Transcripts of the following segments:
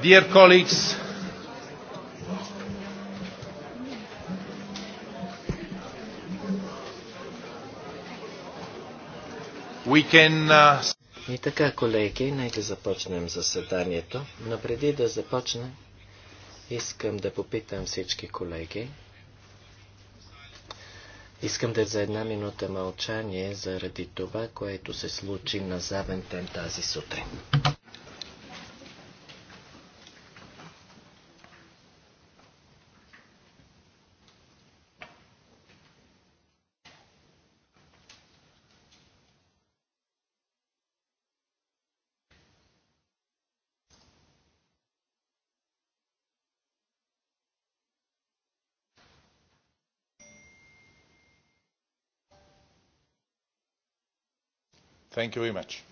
Dear colleagues, we can... Uh, И така, колеги, нека започнем заседанието, но преди да започнем, искам да попитам всички колеги. Искам да за една минута мълчание заради това, което се случи на Завентен тази сутрин. Thank you very much.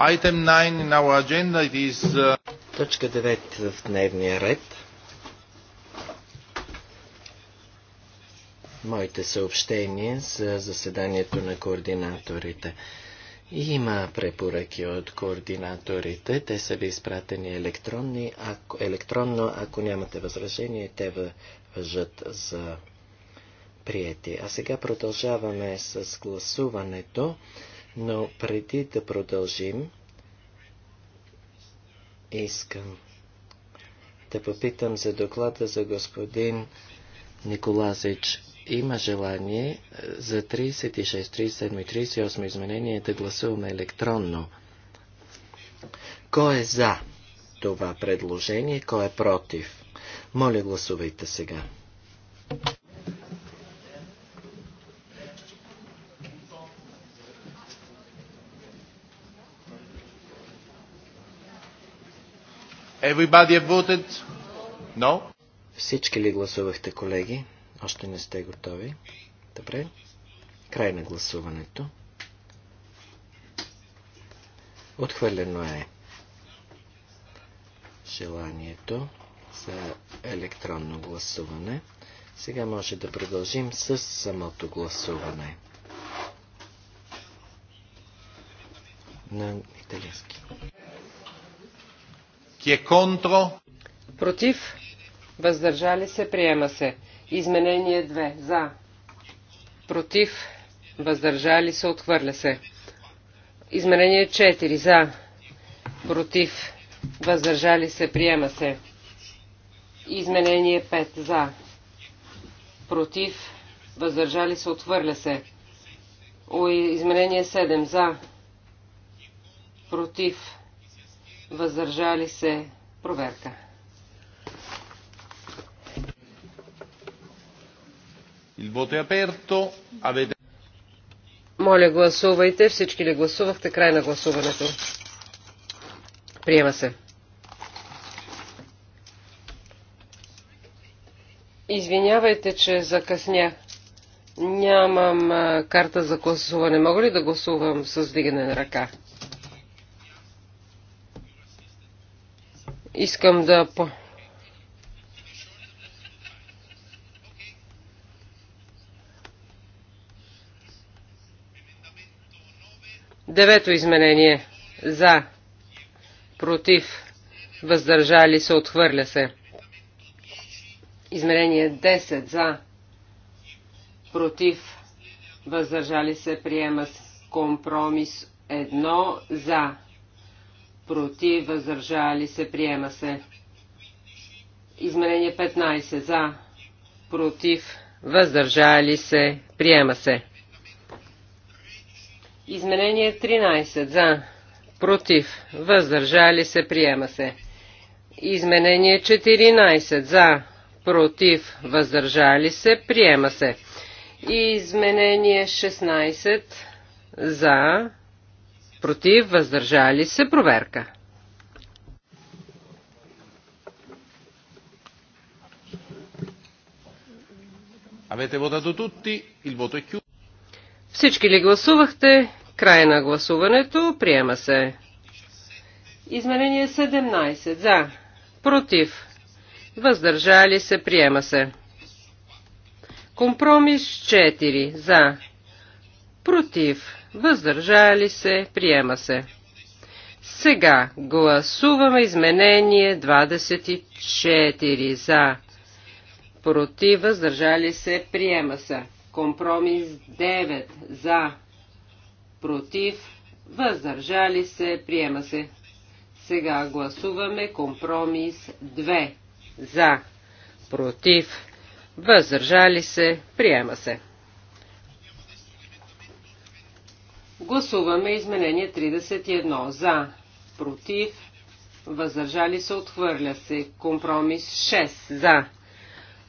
Item 9 in our agenda it is uh... Точка 9 в дневния ред. Моите съобщения за заседанието на координаторите. Има препоръки от координаторите. Те са ви изпратени електронни. Ако, електронно, ако нямате възражение, те въжат за приети. А сега продължаваме с гласуването, но преди да продължим, искам да попитам за доклада за господин Николазич има желание е, за 36, 37 и 38 изменение да гласуваме електронно. Кой е за това предложение, кой е против? Моля, гласувайте сега. Everybody voted? No? Всички ли гласувахте, колеги? Още не сте готови. Добре. Край на гласуването. Отхвърлено е желанието за електронно гласуване. Сега може да продължим с самото гласуване. На италиански. Ки е контро? Против? Въздържали се, приема се. Изменение 2. За. Против. Въздържали се. Отхвърля се. Изменение 4. За. Против. Въздържали се. Приема се. Изменение 5. За. Против. Въздържали се. Отхвърля се. Изменение 7. За. Против. Въздържали се. Проверка. Il voto è aperto. Avete... Моля, гласувайте. Всички ли гласувахте? Край на гласуването. Приема се. Извинявайте, че закъснях. Нямам карта за гласуване. Мога ли да гласувам с вдигане на ръка? Искам да по... Девето изменение. За. Против. Въздържали се. Отхвърля се. Изменение 10. За. Против. Въздържали се. Приема се. Компромис 1. За. Против. Въздържали се. Приема се. Изменение 15. За. Против. Въздържали се. Приема се. Изменение 13. За. Против. Въздържали се. Приема се. Изменение 14. За. Против. Въздържали се. Приема се. Изменение 16. За. Против. Въздържали се. Проверка. Avete votato tutti, il voto è chiuso. Всички ли гласувахте? Край на гласуването. Приема се. Изменение 17. За. Против. Въздържали се. Приема се. Компромис 4. За. Против. Въздържали се. Приема се. Сега гласуваме изменение 24. За. Против. Въздържали се. Приема се. Компромис 9. За против, въздържали се, приема се. Сега гласуваме компромис 2. За, против, въздържали се, приема се. Гласуваме изменение 31. За, против, въздържали се, отхвърля се. Компромис 6. За,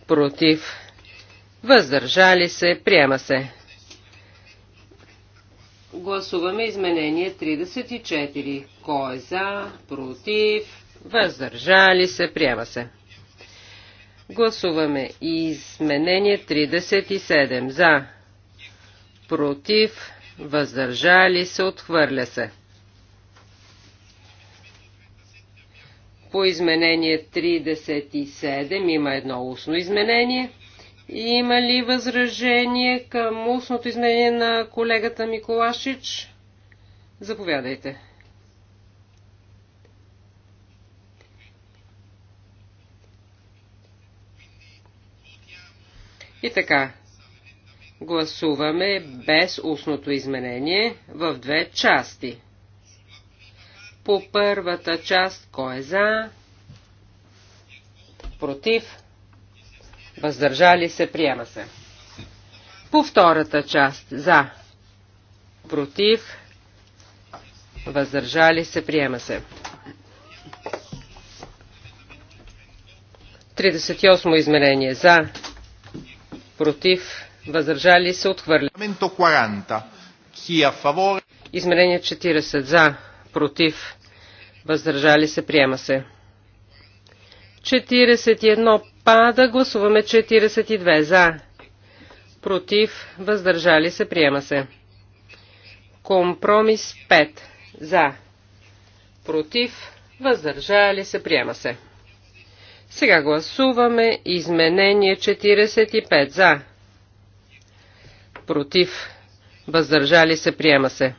против, въздържали се, приема се. Гласуваме изменение 34. Кой е за? Против? Въздържали се? Приема се. Гласуваме изменение 37. За? Против? Въздържали се? Отхвърля се. По изменение 37 има едно устно изменение – има ли възражение към устното изменение на колегата Миколашич? Заповядайте. И така, гласуваме без устното изменение в две части. По първата част, кой е за? Против? въздържали се, приема се. По втората част, за, против, въздържали се, приема се. 38 изменение, за, против, въздържали се, отхвърля. Е изменение 40, за, против, въздържали се, приема се. 41 пада. Гласуваме 42. За. Против. Въздържали се. Приема се. Компромис 5. За. Против. Въздържали се. Приема се. Сега гласуваме изменение 45. За. Против. Въздържали се. Приема се.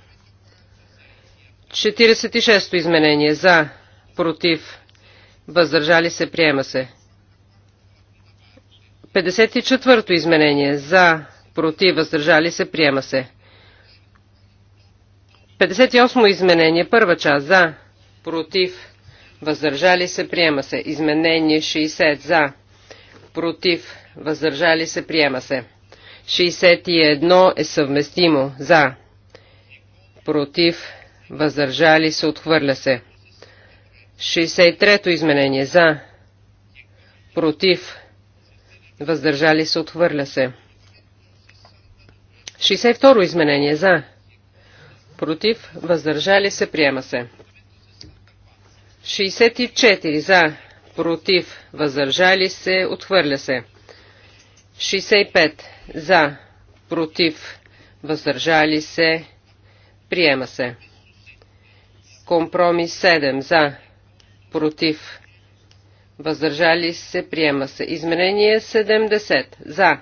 46-то изменение. За. Против Въздържали се, приема се. 54-то изменение. За, против, въздържали се, приема се. 58-о изменение. Първа част. За, против, въздържали се, приема се. Изменение 60. За, против, въздържали се, приема се. 61 е съвместимо. За, против, въздържали се, отхвърля се. 63-то изменение за, против, въздържали се, отхвърля се. 62-ро изменение за, против, въздържали се, приема се. 64 за, против, въздържали се, отхвърля се. 65 за, против, въздържали се, приема се. Компромис 7 за, против, въздържали се, приема се. Изменение 70, за,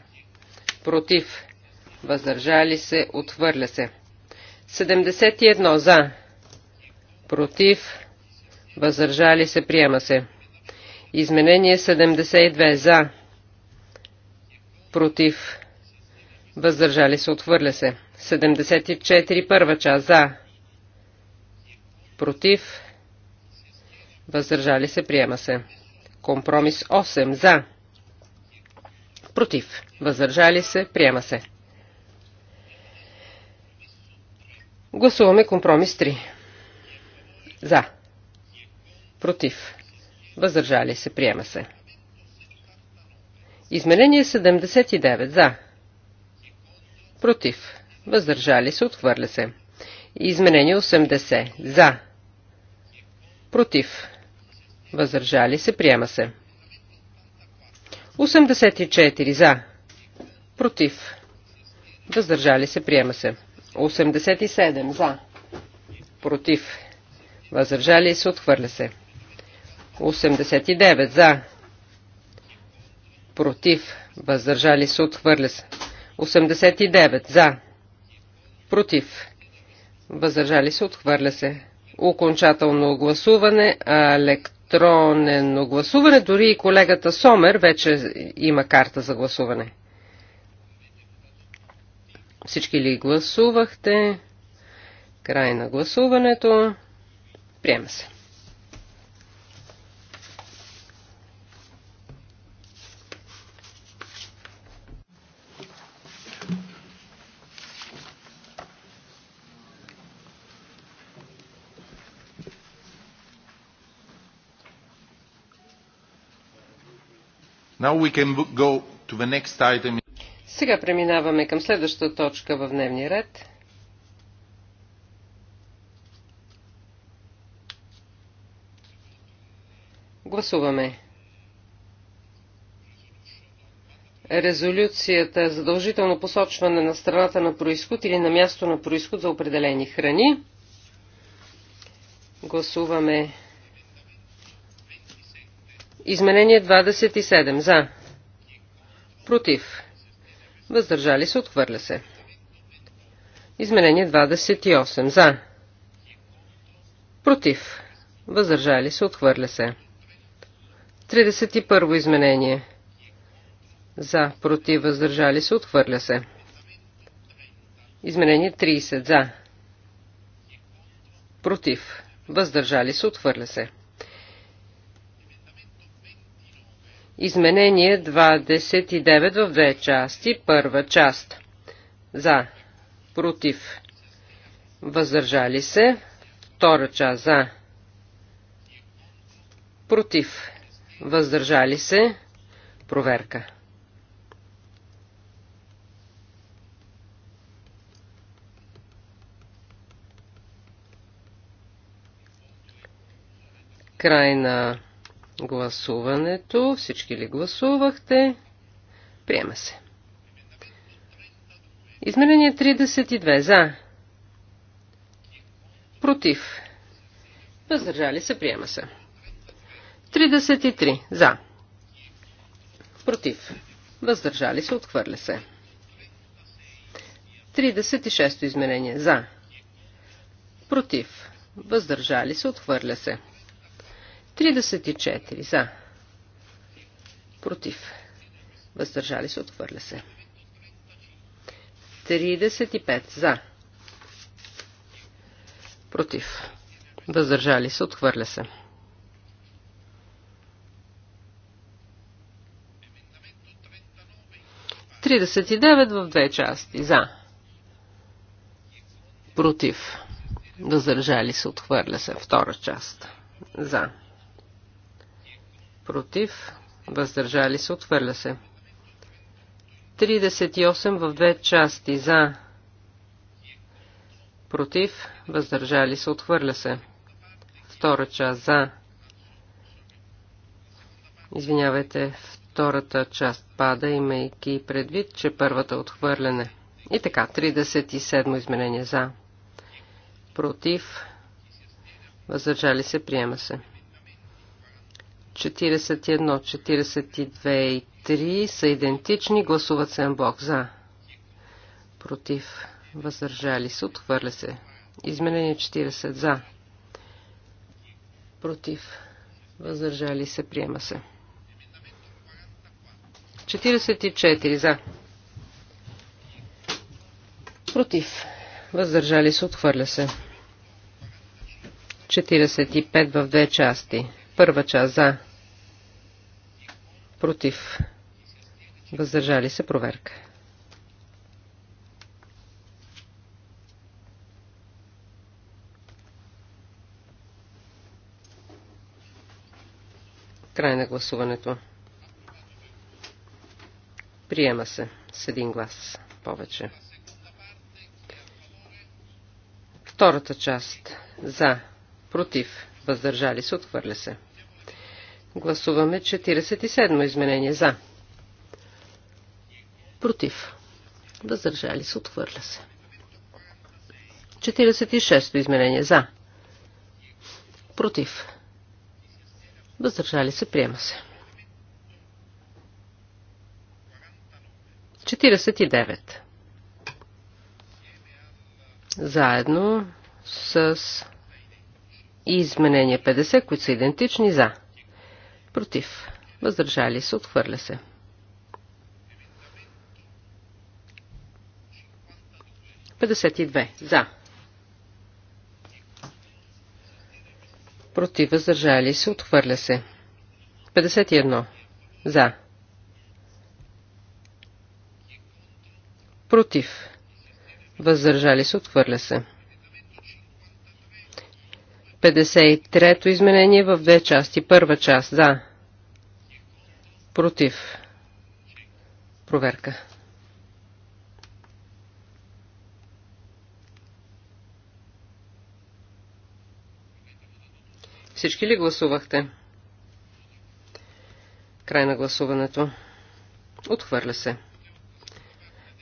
против, въздържали се, отвърля се. 71, за, против, въздържали се, приема се. Изменение 72, за, против, въздържали се, отвърля се. 74, първа част, за, против, въздържали се, приема се. Компромис 8 за, против, въздържали се, приема се. Гласуваме компромис 3. За. Против. Въздържали се. Приема се. Изменение 79. За. Против. Въздържали се. Отхвърля се. Изменение 80. За. Против. Въздържали се. Приема се. 84 за. Против. Въздържали се. Приема се. 87 за. Против. Въздържали се. Отхвърля се. 89 за. Против. Въздържали се. Отхвърля се. 89 за. Против. Въздържали се. Отхвърля се. Окончателно гласуване. Електронно електронно гласуване. Дори и колегата Сомер вече има карта за гласуване. Всички ли гласувахте? Край на гласуването. Приема се. Сега преминаваме към следващата точка в дневния ред. Гласуваме. Резолюцията задължително посочване на страната на происход или на място на происход за определени храни. Гласуваме Изменение 27. За. Против. Въздържали се. Отхвърля се. Изменение 28. За. Против. Въздържали се. Отхвърля се. 31 изменение. За. Против. Въздържали се. Отхвърля се. Изменение 30. За. Против. Въздържали се. Отхвърля се. Изменение 29 в две части. Първа част. За. Против. Въздържали се. Втора част. За. Против. Въздържали се. Проверка. Край на гласуването. Всички ли гласувахте? Приема се. Измерение 32. За. Против. Въздържали се. Приема се. 33. За. Против. Въздържали се. Отхвърля се. 36 измерение За. Против. Въздържали се. Отхвърля се. 34 за. Против. Въздържали се, отхвърля се. 35 за. Против. Въздържали се, отхвърля се. Тридесет и девет в две части. За. Против. Въздържали се, отхвърля се. Втора част. За против, въздържали се, отвърля се. 38 в две части за, против, въздържали се, отхвърля се. Втора част за, извинявайте, втората част пада, имайки предвид, че първата е отхвърляне. И така, 37 изменение за, против, въздържали се, приема се. 41, 42 и 3 са идентични. Гласуват се Бог за. Против. Въздържали се. Отхвърля се. Изменение 40 за. Против. Въздържали се. Приема се. 44 за. Против. Въздържали се. Отхвърля се. 45 в две части. Първа част за против, въздържали се проверка. Край на гласуването. Приема се с един глас повече. Втората част. За. Против. Въздържали се. Отхвърля се. Гласуваме 47 изменение за. Против. Въздържали се, отхвърля се. 46 изменение за. Против. Въздържали се, приема се. 49. Заедно с изменение 50, които са идентични за. Против. Въздържали се. Отхвърля се. 52. За. Против. Въздържали се. Отхвърля се. 51. За. Против. Въздържали се. Отхвърля се. 53-то изменение в две части. Първа част. За. Против. Проверка. Всички ли гласувахте? Край на гласуването. Отхвърля се.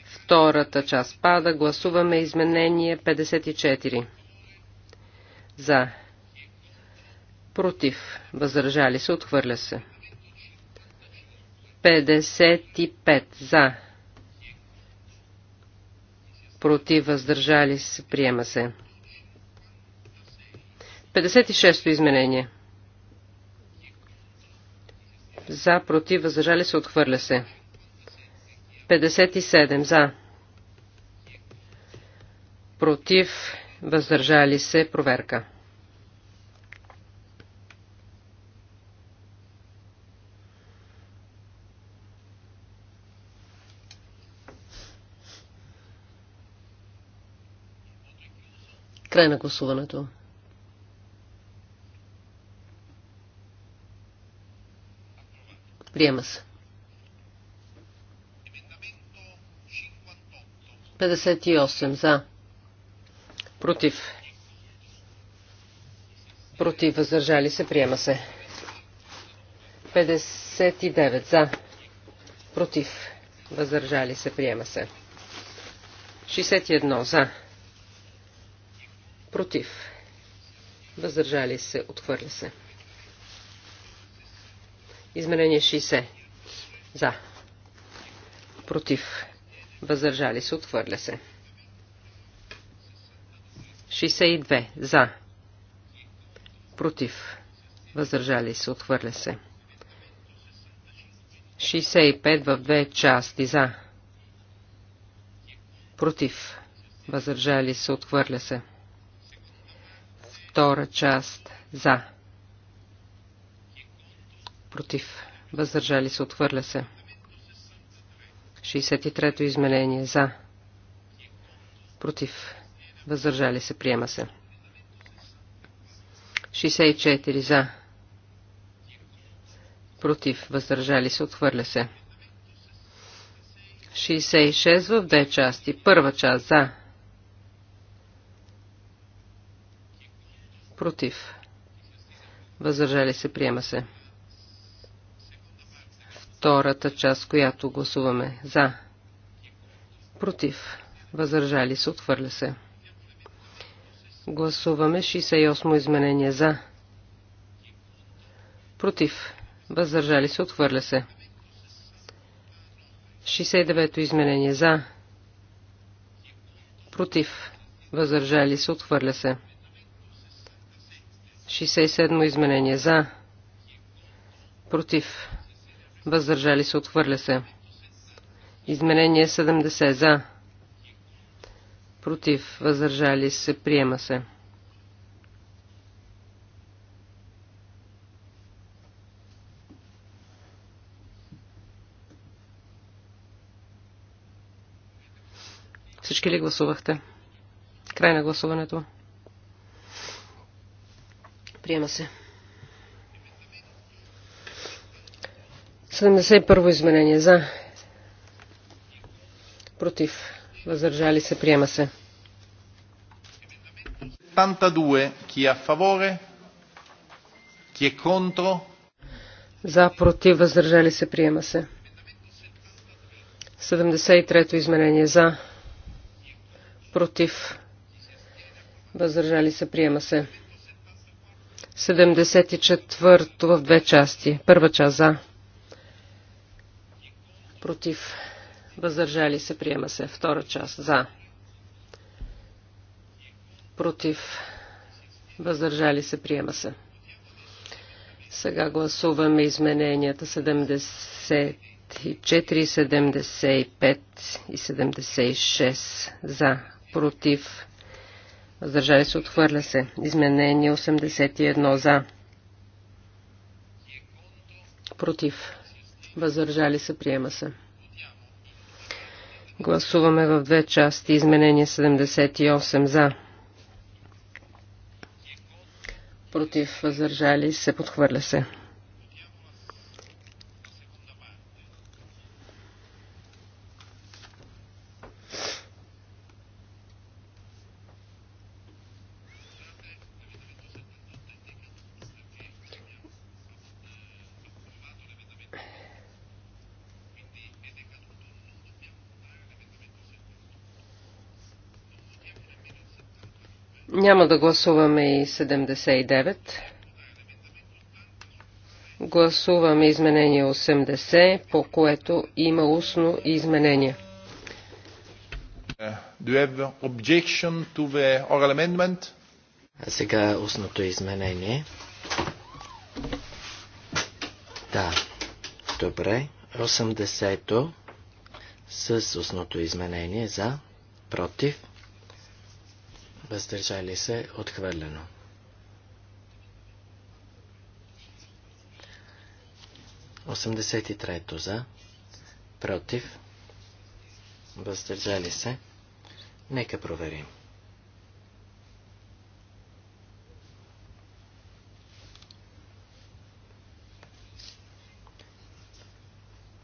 Втората част пада. Гласуваме изменение 54. За. Против. Възражали се. Отхвърля се. 55 за. Против въздържали се. Приема се. 56-то изменение. За, против, въздържали се, отхвърля се. 57 за. Против, въздържали се, проверка. Край на гласуването. Приема се. 58 за. Против. Против. Въздържали се. Приема се. 59 за. Против. Въздържали се. Приема се. 61 за против, въздържали се, отхвърля се. Изменение 60. За. Против. Въздържали се. Отхвърля се. 62. За. Против. Въздържали се. Отхвърля се. 65 в две части. За. Против. Въздържали се. Отхвърля се. 66. Втора част за. Против. Въздържали се. отвърля се. 63-то изменение за. Против. Въздържали се. Приема се. 64 за. Против. Въздържали се. Отхвърля се. 66 в две части. Първа част за Против. Въздържали се. Приема се. Втората част, която гласуваме. За. Против. Въздържали се. Отхвърля се. Гласуваме 68 изменение. За. Против. Въздържали се. Отхвърля се. 69-то изменение. За. Против. Въздържали се. Отхвърля се. 67 изменение за. Против. Въздържали се. Отхвърля се. Изменение 70 за. Против. Въздържали се. Приема се. Всички ли гласувахте? Край на гласуването. Приема се. 71 изменение за. Против. Въздържали се. Приема се. 72. ки е фаворе? Ки е контро? За, против, въздържали се, приема се. 73-то изменение за, против, въздържали се, приема се. 74 в две части. Първа част за. Против. Въздържали се. Приема се. Втора част за. Против. Въздържали се. Приема се. Сега гласуваме измененията 74, 75 и 76 за. Против въздържали се, отхвърля се. Изменение 81 за, против, въздържали се, приема се. Гласуваме в две части. Изменение 78 за. Против въздържали се. Подхвърля се. Няма да гласуваме и 79. Гласуваме изменение 80, по което има устно изменение. Сега устното изменение. Да, добре. 80-то с устното изменение за, против, въздържали се, отхвърлено. Осемдесет и трето за, против, въздържали се. Нека проверим.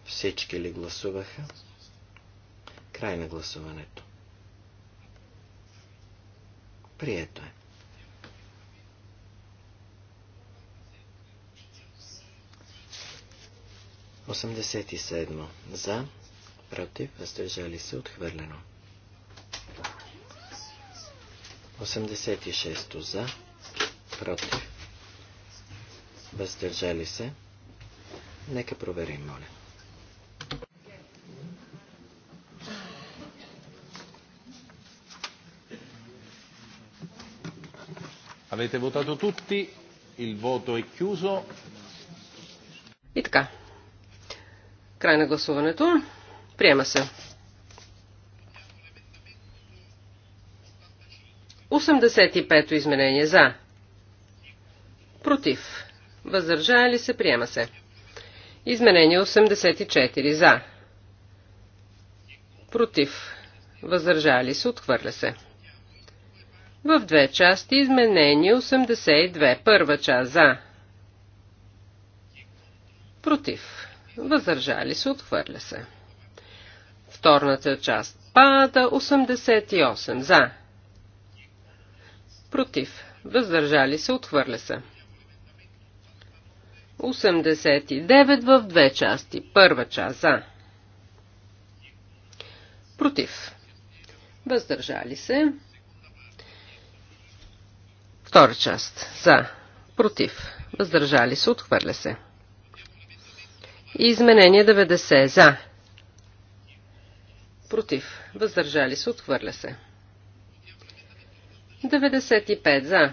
Всички ли гласуваха? Край на гласуването. Прието е. Осемдесет и седмо. За, против, въздържали се, отхвърлено. 86 за, против, въздържали се. Нека проверим, моля. Avete votato tutti? Il voto е chiuso. И така. Край на гласуването. Приема се. 85-то изменение за. Против. ли се. Приема се. Изменение 84 за. Против. Въздържали се. Отхвърля се в две части изменение 82. Първа част за. Против. Въздържали се, отхвърля се. Вторната част пада 88. За. Против. Въздържали се, отхвърля се. 89 в две части. Първа част за. Против. Въздържали се. Втора част. За. Против. Въздържали се. Отхвърля се. И изменение 90. За. Против. Въздържали се. Отхвърля се. 95. За.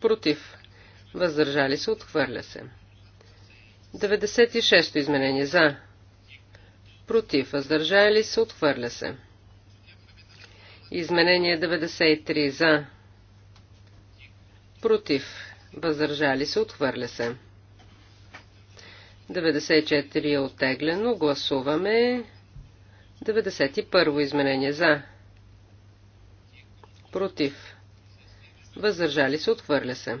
Против. Въздържали се. Отхвърля се. 96-то изменение. За. Против. Въздържали се. Отхвърля се. Изменение 93. За против, въздържали се, отхвърля се. 94 е оттеглено, гласуваме 91 изменение за, против, въздържали се, отхвърля се.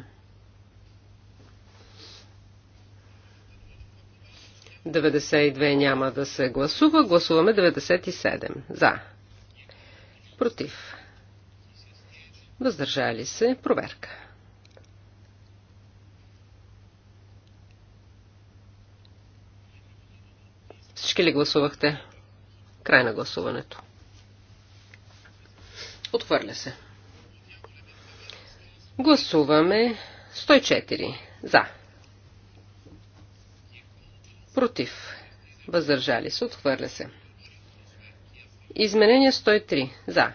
92 няма да се гласува. Гласуваме 97. За. Против. Въздържали се. Проверка. Всички ли гласувахте? Край на гласуването. Отхвърля се. Гласуваме 104. За. Против. Въздържали се. Отхвърля се. Изменение 103. За.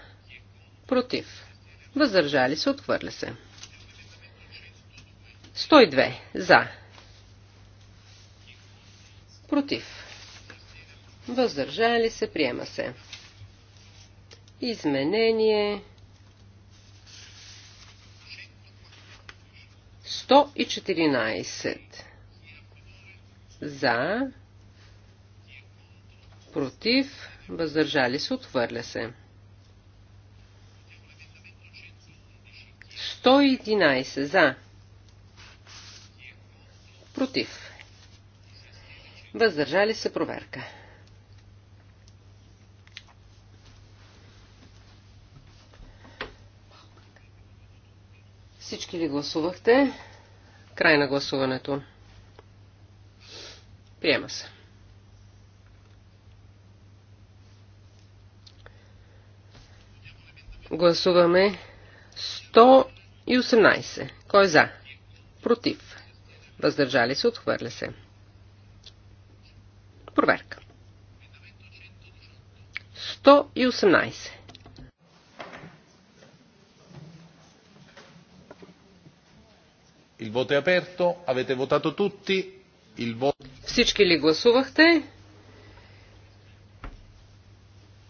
Против. Въздържали се. Отхвърля се. 102. За. Против. Въздържали се, приема се. Изменение 114 за, против, въздържали се, отвърля се. 111 за, против, въздържали се, проверка. Всички ли гласувахте? Край на гласуването. Приема се. Гласуваме 118. Кой е за? Против. Въздържали се, отхвърля се. Проверка. 118. Il voto è aperto. Avete votato tutti. Il voto... Всички ли гласувахте?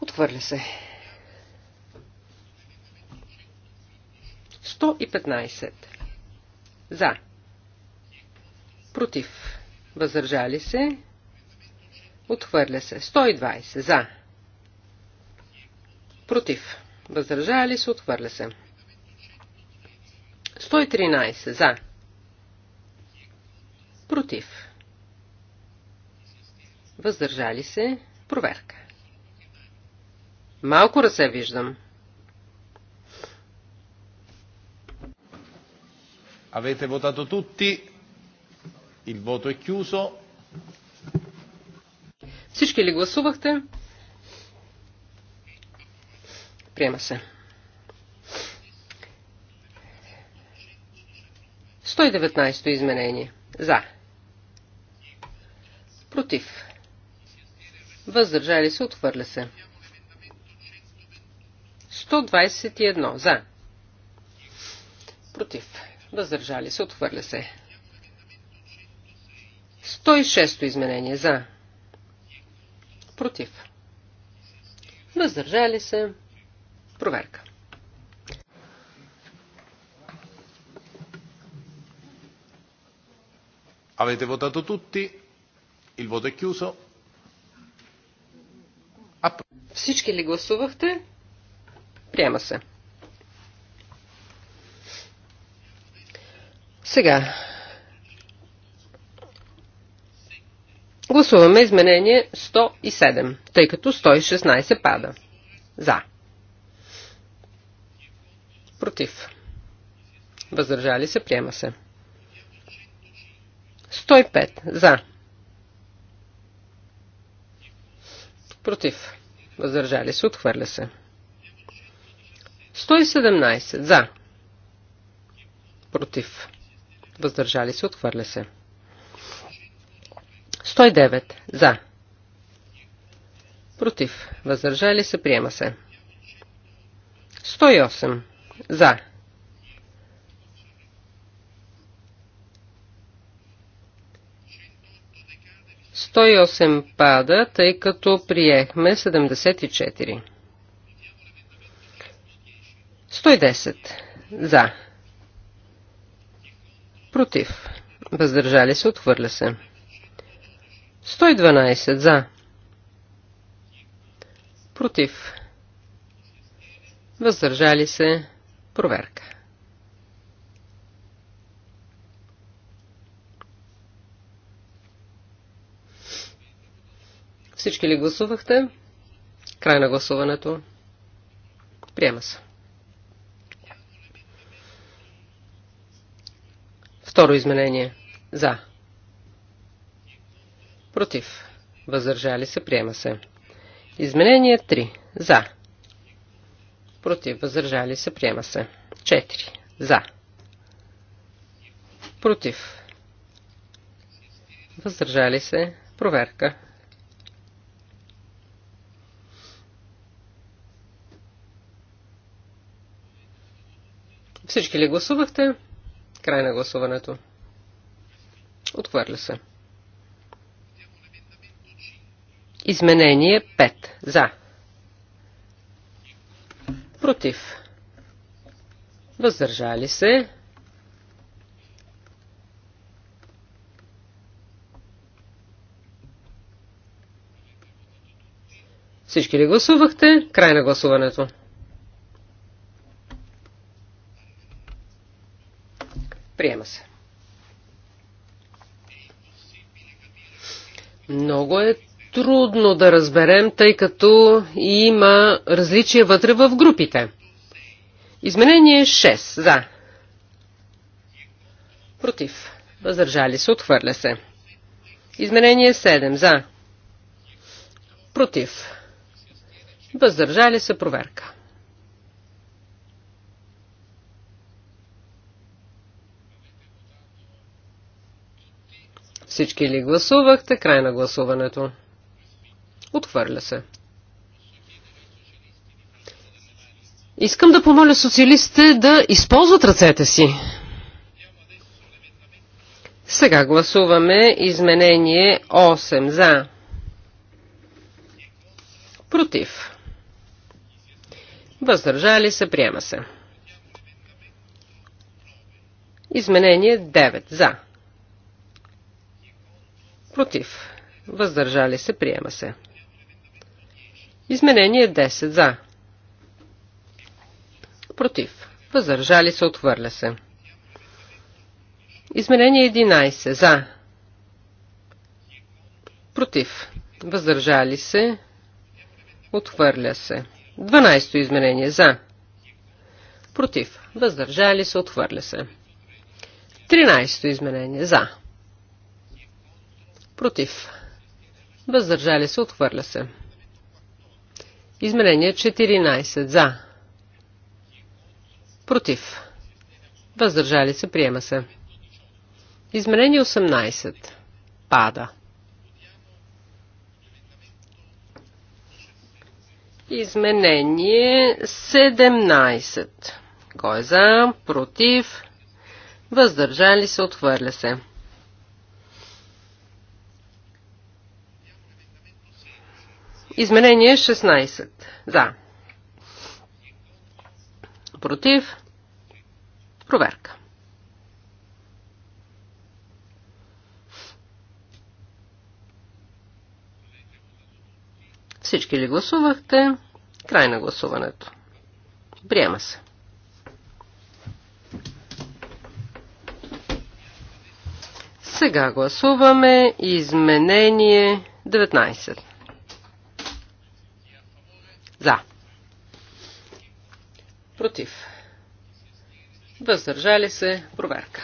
Отхвърля се. 115. За. Против. Въздържали се. Отхвърля се. 120. За. Против. Въздържали се. Отхвърля се. 113. За. Против. Въздържали се. Проверка. Малко ръце виждам. Авете votato tutti? Il voto е chiuso. Всички ли гласувахте? Приема се. 119 изменение. За. Против. Въздържали се. Отхвърля се. 121. За. Против. Въздържали се. Отхвърля се. 106 изменение. За. Против. Въздържали се. Проверка. Avete votato tutti? Il voto è chiuso. Всички ли гласувахте? Приема се. Сега. Гласуваме изменение 107, тъй като 116 пада. За. Против. Въздържали се, приема се. 105. За. Против. Въздържали се. Отхвърля се. 117. За. Против. Въздържали се. Отхвърля се. 109. За. Против. Въздържали се. Приема се. 108. За. 108 пада, тъй като приехме 74. 110 за. Против. Въздържали се, отхвърля се. 112 за. Против. Въздържали се. Проверка. Всички ли гласувахте? Край на гласуването. Приема се. Второ изменение. За. Против. Въздържали се. Приема се. Изменение 3. За. Против. Въздържали се. Приема се. 4. За. Против. Въздържали се. Проверка. Всички ли гласувахте? Край на гласуването. Отхвърля се. Изменение 5. За. Против. Въздържали се. Всички ли гласувахте? Край на гласуването. Приема се. Много е трудно да разберем, тъй като има различия вътре в групите. Изменение 6. За. Против. Въздържали се. Отхвърля се. Изменение 7. За. Против. Въздържали се. Проверка. Всички ли гласувахте? Край на гласуването. Отхвърля се. Искам да помоля социалистите да използват ръцете си. Сега гласуваме изменение 8 за. Против. Въздържали се, приема се. Изменение 9 за. Против. Въздържали се. Приема се. Изменение 10. За. Против. Въздържали се. Отхвърля се. Изменение 11. За. Против. Въздържали се. Отхвърля се. 12 изменение. За. Против. Въздържали се. Отхвърля се. 13 изменение. За. Против. Въздържали се. Отхвърля се. Изменение 14. За. Против. Въздържали се. Приема се. Изменение 18. Пада. Изменение 17. Кой е за? Против? Въздържали се? Отхвърля се. Изменение 16. За. Против. Проверка. Всички ли гласувахте? Край на гласуването. Приема се. Сега гласуваме изменение 19. За. Против. Въздържали се. Проверка.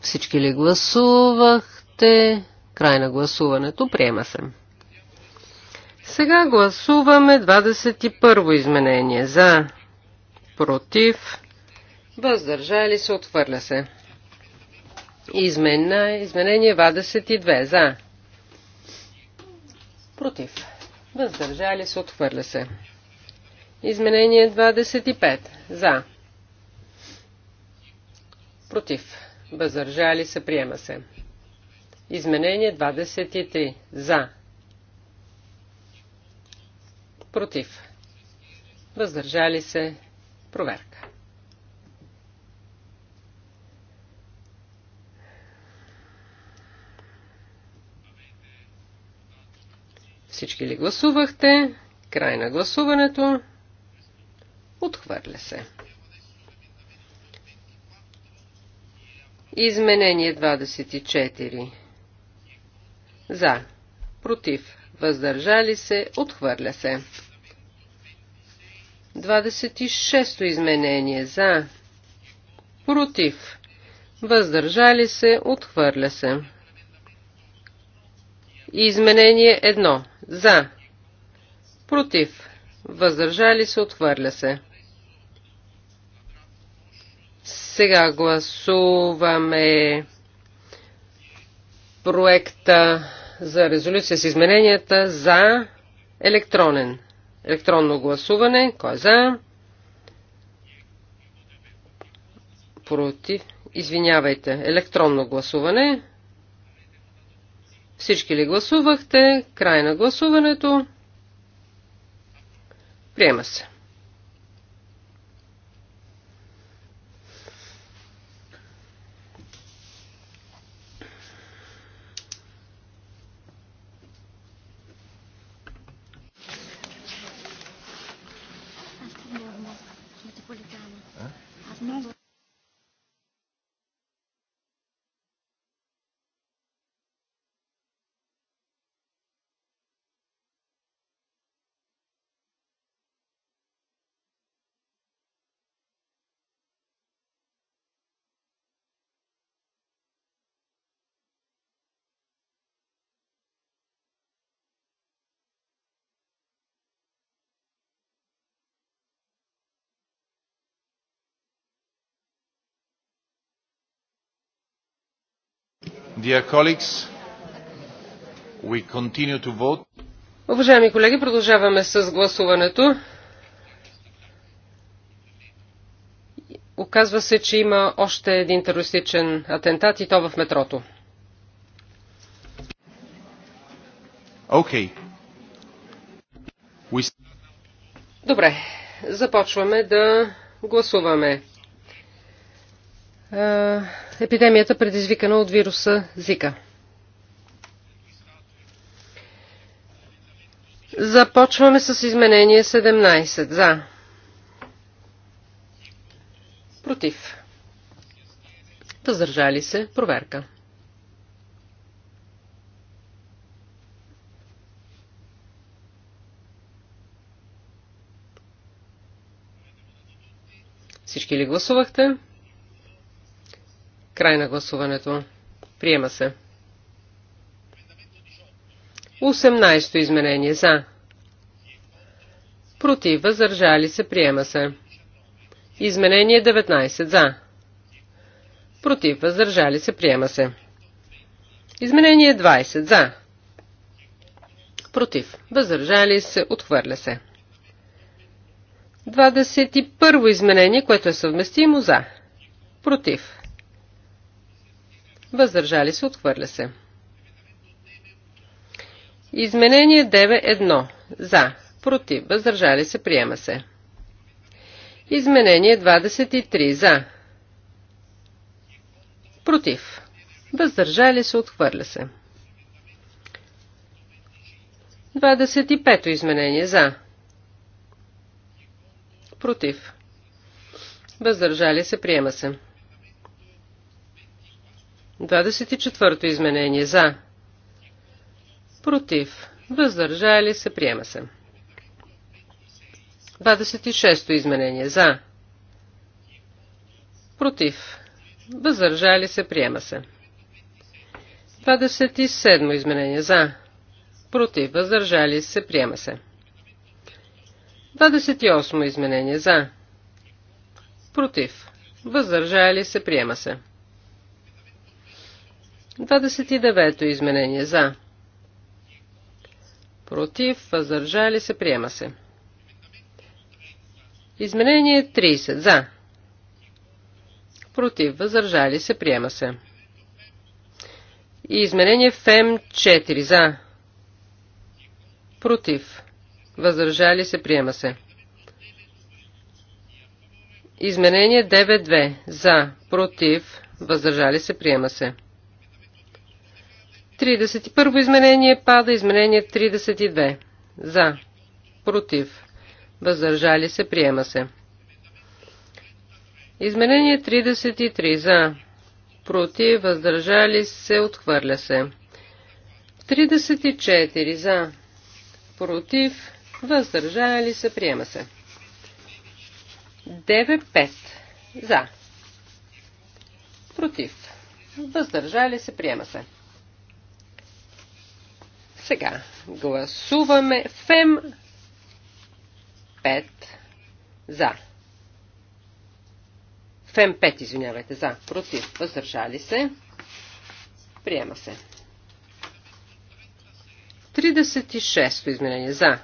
Всички ли гласувахте? Край на гласуването. Приема се. Сега гласуваме 21 изменение. За. Против. Въздържали се. Отвърля се. Измена, изменение 22. За. Против. Въздържали се. Отхвърля се. Изменение 25. За. Против. Въздържали се. Приема се. Изменение 23. За. Против. Въздържали се. Проверка. Всички ли гласувахте? Край на гласуването. Отхвърля се. Изменение 24. За. Против. Въздържали се. Отхвърля се. 26-то изменение. За. Против. Въздържали се. Отхвърля се. Изменение 1. За. Против. Въздържали се. Отхвърля се. Сега гласуваме проекта за резолюция с измененията за електронен. Електронно гласуване. Кой е за? Против. Извинявайте. Електронно гласуване. Всички ли гласувахте? Край на гласуването. Приема се. Dear colleagues, we continue to vote. Уважаеми колеги, продължаваме с гласуването. Оказва се, че има още един терористичен атентат и то в метрото. Okay. We... Добре, започваме да гласуваме. Е, епидемията предизвикана от вируса Зика. Започваме с изменение 17. За. Против. Въздържали се. Проверка. Всички ли гласувахте? Край на гласуването. Приема се. 18 изменение за. Против, въздържали се, приема се. Изменение 19 за. Против, въздържали се, приема се. Изменение 20 за. Против, въздържали се, отхвърля се. 21 изменение, което е съвместимо за. Против, Въздържали се, отхвърля се. Изменение 9.1. За. Против. Въздържали се. Приема се. Изменение 23. За. Против. Въздържали се. Отхвърля се. 25. Изменение. За. Против. Въздържали се. Приема се. 24-то изменение за. Против. Въздържали се. Приема се. 26-то изменение за. Против. Въздържали се. Приема се. 27-то изменение за. Против. Въздържали се. Приема се. 28-то изменение за. Против. Въздържали се. Приема се. 29-то изменение за. Против, въздържали се, приема се. Изменение 30 за. Против, въздържали се, приема се. И изменение ФЕМ 4 за. Против, въздържали се, приема се. Изменение 9.2. За. Против. Въздържали се. Приема се. 31 изменение пада, изменение 32. За. Против. Въздържали се, приема се. Изменение 33. За. Против. Въздържали се, отхвърля се. 34. За. Против. Въздържали се, приема се. 9 За. Против. Въздържали се, приема се. Сега гласуваме ФЕМ 5 за. ФЕМ 5, извинявайте, за. Против. Въздържали се. Приема се. 36 изменение за.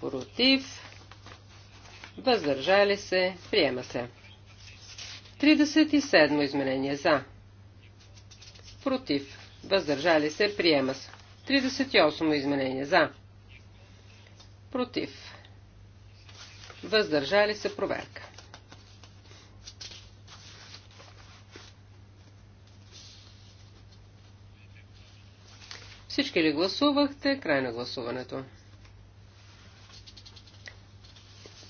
Против. Въздържали се. Приема се. 37 изменение за. Против. Въздържали се. Приема се. 38 изменение. За. Против. Въздържали се проверка. Всички ли гласувахте? Край на гласуването.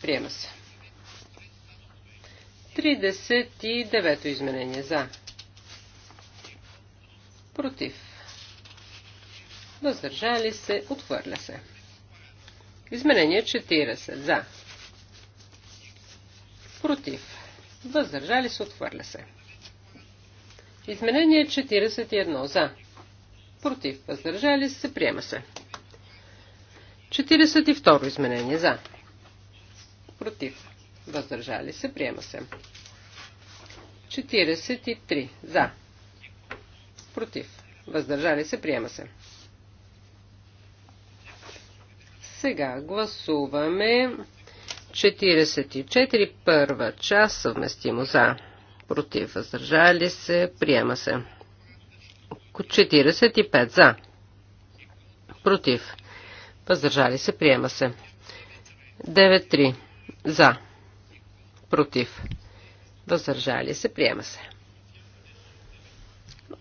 Приема се. 39-то изменение. За. Против въздържали се, отвърля се. Изменение 40. За. Против. Въздържали се, отвърля се. Изменение 41. За. Против. Въздържали се, приема се. 42. Изменение. За. Против. Въздържали се, приема се. 43. За. Против. Въздържали се, приема се. Сега гласуваме 44 първа част съвместимо за. Против въздържали се. Приема се. 45 за. Против. Въздържали се. Приема се. 9-3 за. Против. Въздържали се. Приема се.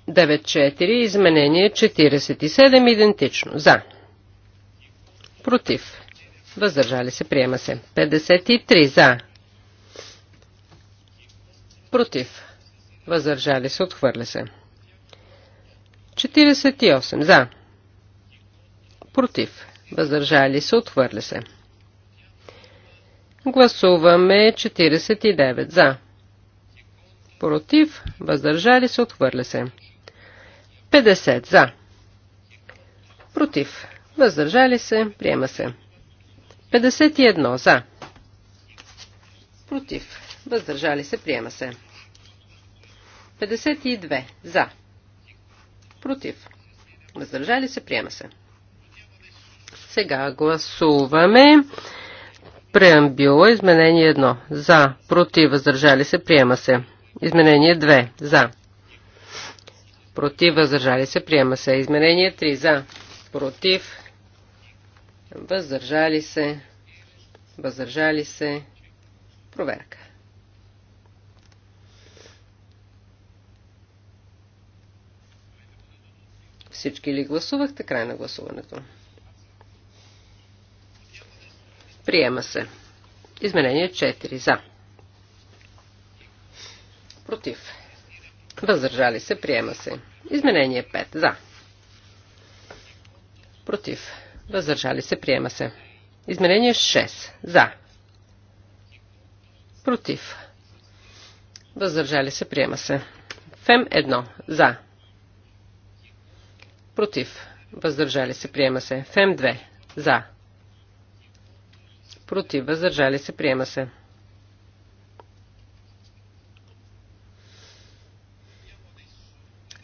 9-4. Изменение 47. Идентично. За. Против. Въздържали се. Приема се. 53 за. Против. Въздържали се. Отхвърля се. 48 за. Против. Въздържали се. Отхвърля се. Гласуваме 49 за. Против. Въздържали се. Отхвърля се. 50 за. Против. Въздържали се. Приема се. 51 за. Против. Въздържали се. Приема се. 52 за. Против. Въздържали се. Приема се. Сега гласуваме. Преамбюла. Изменение 1. За. Против. Въздържали се. Приема се. Изменение 2. За. Против. Въздържали се. Приема се. Изменение 3. За. Против въздържали се, въздържали се, проверка. Всички ли гласувахте? Край на гласуването. Приема се. Изменение 4. За. Против. Въздържали се. Приема се. Изменение 5. За. Против. Въздържали се. Приема се. Изменение 6. За. Против. Въздържали се. Приема се. Фем 1. За. Против. Въздържали се. Приема се. Фем 2. За. Против. Въздържали се. Приема се.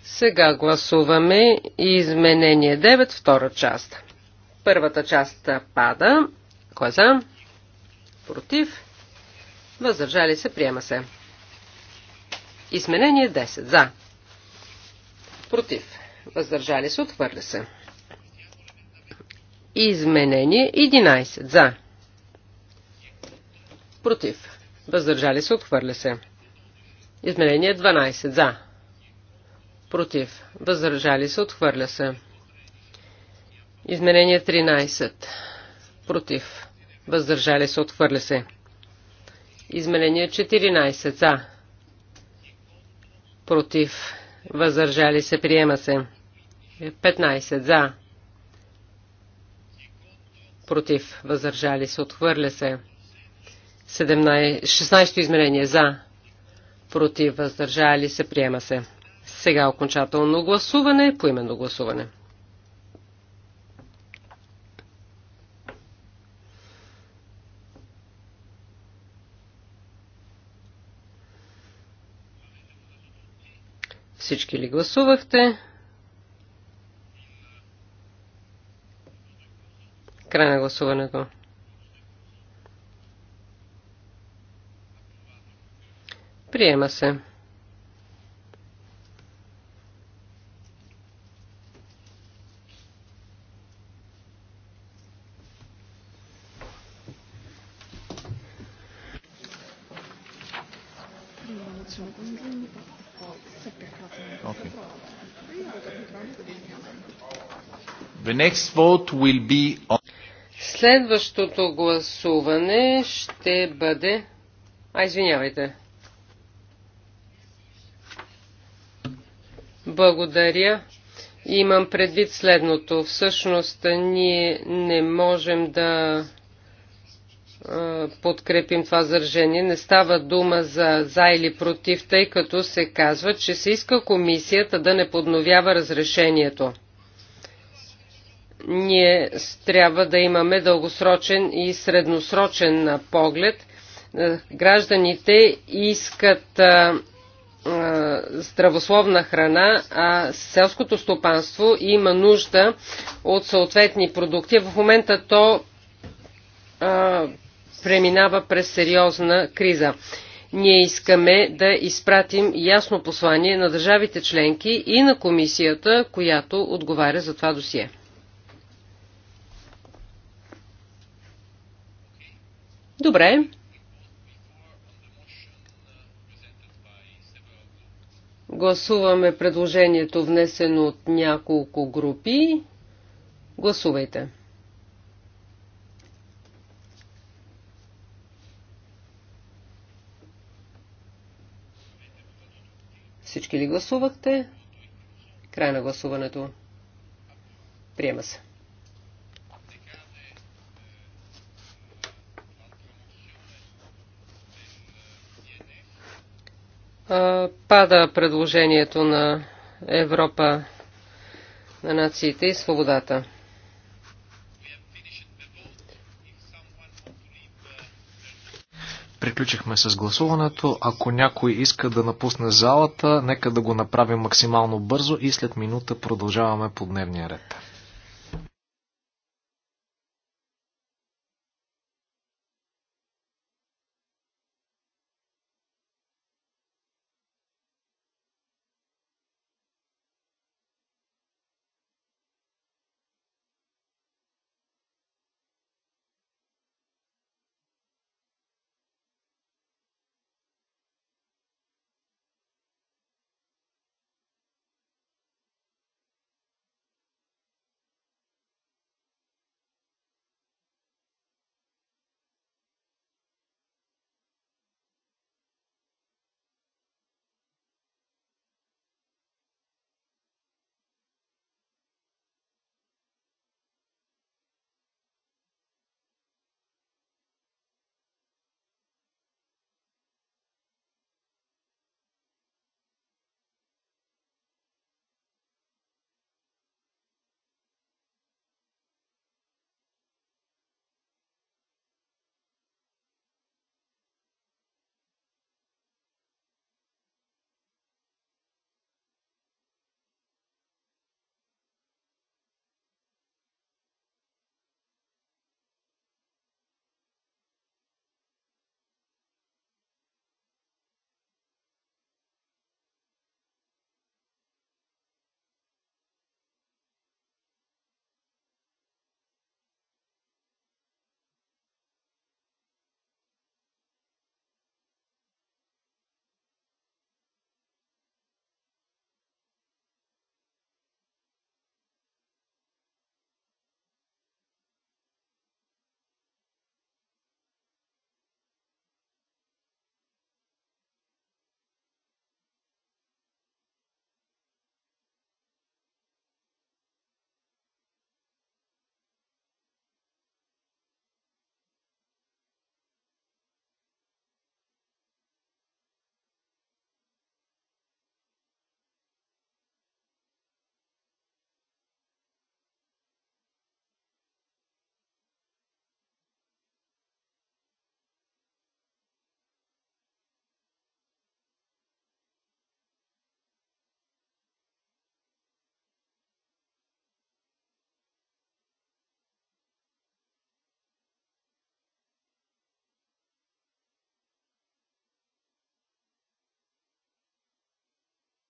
Сега гласуваме изменение 9, втора част. Първата част пада. Кой е за? Против. Въздържали се. Приема се. Изменение 10. За. Против. Въздържали се. Отхвърля се. Изменение 11. За. Против. Въздържали се. Отхвърля се. Изменение 12. За. Против. Въздържали се. Отхвърля се. Изменение 13. Против. Въздържали се. Отхвърля се. Изменение 14. За. Против. Въздържали се. Приема се. 15. За. Против. Въздържали се. Отхвърля се. 16 16 измерение. За. Против. Въздържали се. Приема се. Сега окончателно гласуване. Поименно гласуване. Всички ли гласувахте? Край на гласуването. Приема се. On... Следващото гласуване ще бъде... А, извинявайте. Благодаря. Имам предвид следното. Всъщност ние не можем да подкрепим това заражение. Не става дума за за или против, тъй като се казва, че се иска комисията да не подновява разрешението. Ние трябва да имаме дългосрочен и средносрочен поглед. Гражданите искат здравословна храна, а селското стопанство има нужда от съответни продукти. В момента то а, преминава през сериозна криза. Ние искаме да изпратим ясно послание на държавите членки и на комисията, която отговаря за това досие. Добре. Гласуваме предложението, внесено от няколко групи. Гласувайте. Всички ли гласувахте? Край на гласуването. Приема се. пада предложението на Европа на нациите и свободата. Приключихме с гласуването. Ако някой иска да напусне залата, нека да го направим максимално бързо и след минута продължаваме по дневния ред.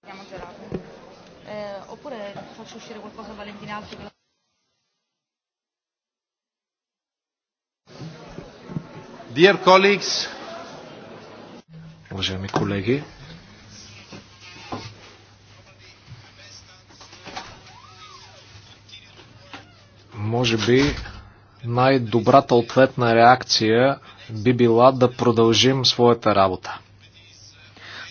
gelato. Eh, oppure faccio uscire qualcosa Valentina Che... Dear colleagues, Уважаеми колеги, може би най-добрата ответна реакция би била да продължим своята работа.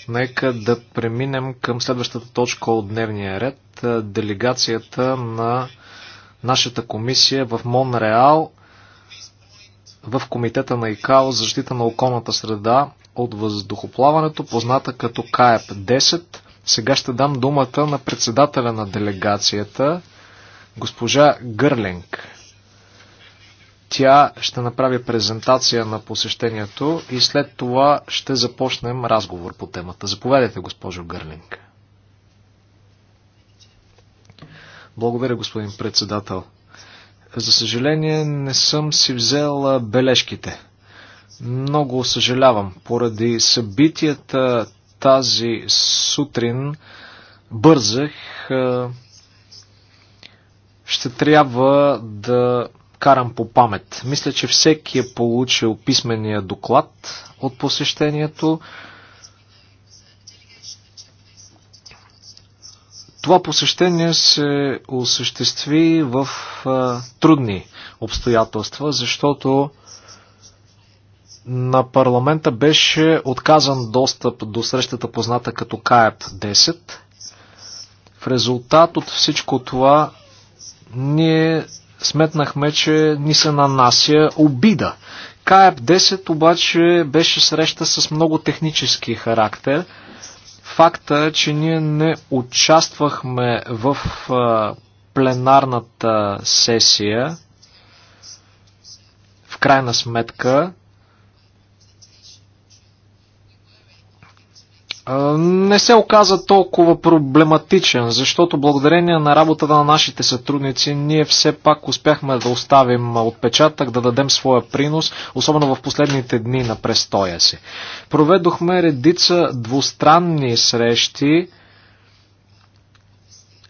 Нека да преминем към следващата точка от дневния ред. Делегацията на нашата комисия в Монреал в Комитета на ИКАО за защита на околната среда от въздухоплаването, позната като КАЕП-10. Сега ще дам думата на председателя на делегацията, госпожа Гърлинг. Тя ще направи презентация на посещението и след това ще започнем разговор по темата. Заповядайте, госпожо Гърлинг. Благодаря, господин председател. За съжаление, не съм си взел бележките. Много съжалявам. Поради събитията тази сутрин бързах. Ще трябва да карам по памет. Мисля, че всеки е получил писмения доклад от посещението. Това посещение се осъществи в а, трудни обстоятелства, защото на парламента беше отказан достъп до срещата позната като КАЕП-10. В резултат от всичко това ние сметнахме, че ни се нанася обида. каеп 10 обаче беше среща с много технически характер. Факта, че ние не участвахме в пленарната сесия, в крайна сметка, не се оказа толкова проблематичен, защото благодарение на работата на нашите сътрудници ние все пак успяхме да оставим отпечатък, да дадем своя принос, особено в последните дни на престоя си. Проведохме редица двустранни срещи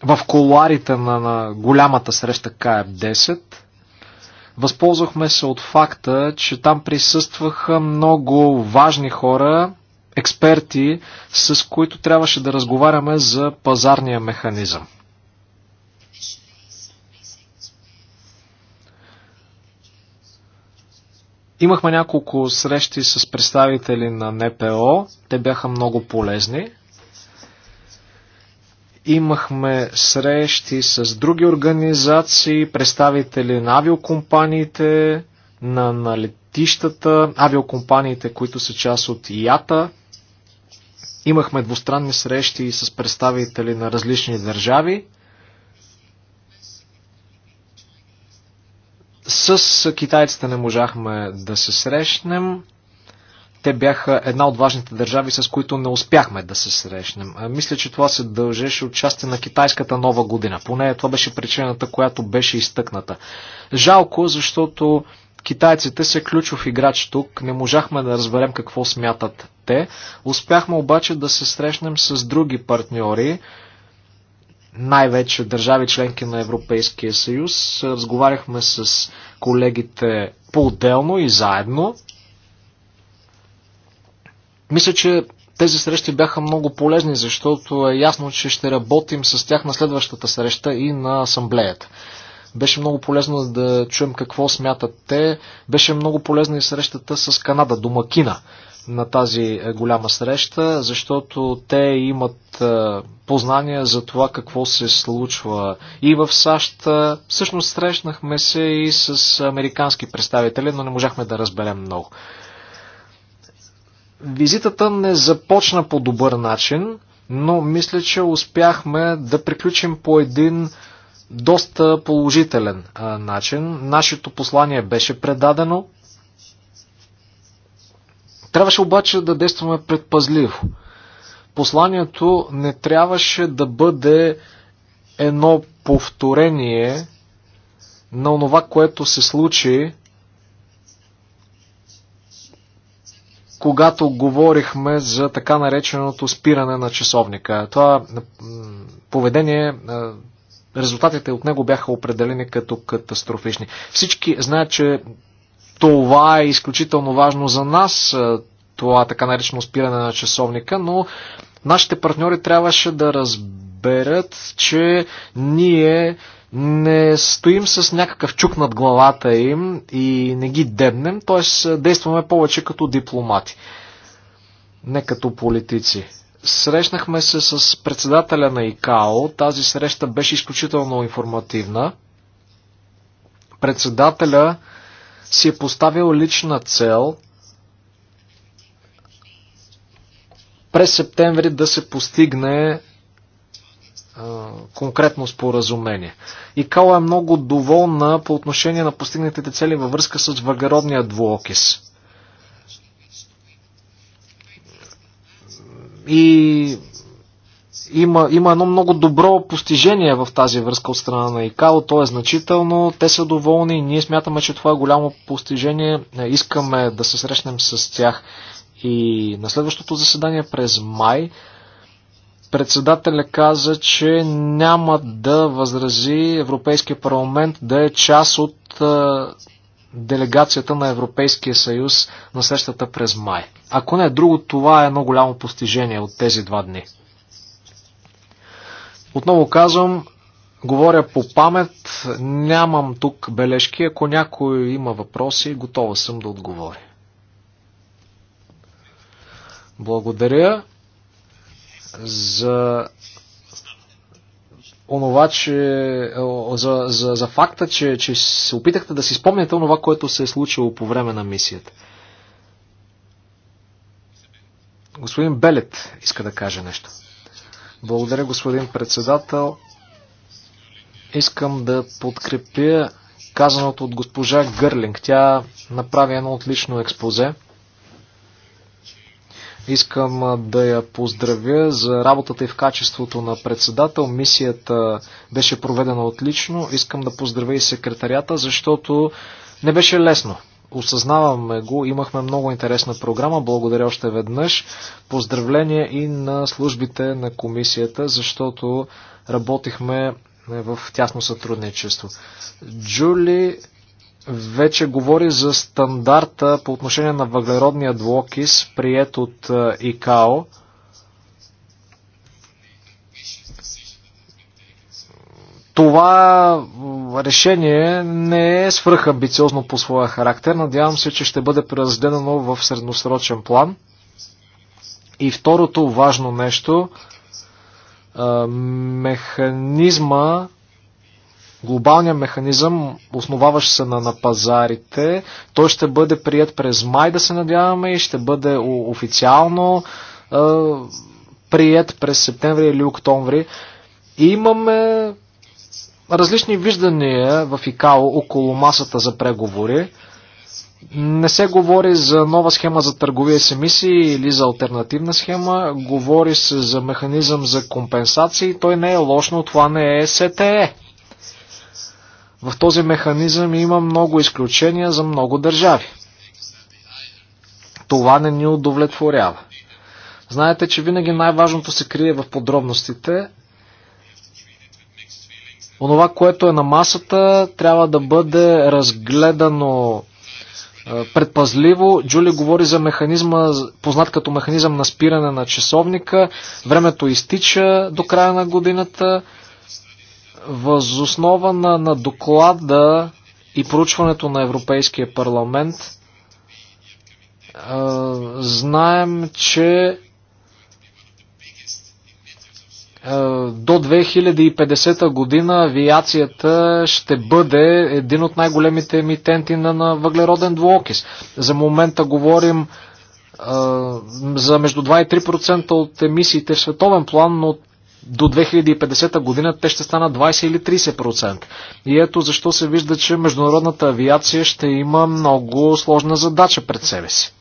в коларите на, на голямата среща КФ-10. Възползвахме се от факта, че там присъстваха много важни хора, експерти, с които трябваше да разговаряме за пазарния механизъм. Имахме няколко срещи с представители на НПО. Те бяха много полезни. Имахме срещи с други организации, представители на авиокомпаниите, на, на летищата, авиокомпаниите, които са част от ИАТА. Имахме двустранни срещи с представители на различни държави. С китайците не можахме да се срещнем. Те бяха една от важните държави, с които не успяхме да се срещнем. Мисля, че това се дължеше от части на китайската нова година. Поне това беше причината, която беше изтъкната. Жалко, защото Китайците са ключов играч тук. Не можахме да разберем какво смятат те. Успяхме обаче да се срещнем с други партньори, най-вече държави членки на Европейския съюз. Разговаряхме с колегите по-отделно и заедно. Мисля, че тези срещи бяха много полезни, защото е ясно, че ще работим с тях на следващата среща и на асамблеята. Беше много полезно да чуем какво смятат те. Беше много полезна и срещата с Канада, домакина на тази е, голяма среща, защото те имат е, познания за това какво се случва и в САЩ. Всъщност срещнахме се и с американски представители, но не можахме да разберем много. Визитата не започна по добър начин, но мисля, че успяхме да приключим по един доста положителен начин. Нашето послание беше предадено. Трябваше обаче да действаме предпазливо. Посланието не трябваше да бъде едно повторение на онова, което се случи, когато говорихме за така нареченото спиране на часовника. Това поведение резултатите от него бяха определени като катастрофични. Всички знаят, че това е изключително важно за нас, това е така наречено спиране на часовника, но нашите партньори трябваше да разберат, че ние не стоим с някакъв чук над главата им и не ги дебнем, т.е. действаме повече като дипломати, не като политици. Срещнахме се с председателя на ИКАО. Тази среща беше изключително информативна. Председателя си е поставил лична цел през септември да се постигне конкретно споразумение. ИКАО е много доволна по отношение на постигнатите цели във връзка с въглеродния двуокис. И има, има едно много добро постижение в тази връзка от страна на ИКАО. То е значително, те са доволни и ние смятаме, че това е голямо постижение. Искаме да се срещнем с тях. И на следващото заседание през май председателя каза, че няма да възрази Европейския парламент да е част от делегацията на Европейския съюз на срещата през май. Ако не е друго, това е едно голямо постижение от тези два дни. Отново казвам, говоря по памет, нямам тук бележки. Ако някой има въпроси, готова съм да отговоря. Благодаря за онова, че, за, за, за факта, че, че се опитахте да си спомняте онова, което се е случило по време на мисията. Господин Белет иска да каже нещо. Благодаря, господин председател. Искам да подкрепя казаното от госпожа Гърлинг. Тя направи едно отлично експозе. Искам да я поздравя за работата и в качеството на председател. Мисията беше проведена отлично. Искам да поздравя и секретарята, защото не беше лесно. Осъзнаваме го, имахме много интересна програма. Благодаря още веднъж. Поздравления и на службите на комисията, защото работихме е, в тясно сътрудничество. Джули вече говори за стандарта по отношение на въглеродния двуокис, прият от е, ИКАО. Това решение не е свръхамбициозно по своя характер. Надявам се, че ще бъде преразгледано в средносрочен план. И второто важно нещо, е, механизма глобалния механизъм, основаващ се на, на пазарите. Той ще бъде прият през май, да се надяваме, и ще бъде официално е, прият през септември или октомври. И имаме различни виждания в ИКАО около масата за преговори. Не се говори за нова схема за търговия с емисии или за альтернативна схема. Говори се за механизъм за компенсации. Той не е лош, но това не е СТЕ. В този механизъм има много изключения за много държави. Това не ни удовлетворява. Знаете, че винаги най-важното се крие в подробностите. Онова, което е на масата, трябва да бъде разгледано е, предпазливо. Джули говори за механизма, познат като механизъм на спиране на часовника. Времето изтича до края на годината. Възоснова на, на доклада и проучването на Европейския парламент а, знаем, че до 2050 година авиацията ще бъде един от най-големите емитенти на, на въглероден двуокис. За момента говорим за между 2 и 3% от емисиите в световен план, но до 2050 година те ще станат 20 или 30%. И ето защо се вижда, че международната авиация ще има много сложна задача пред себе си.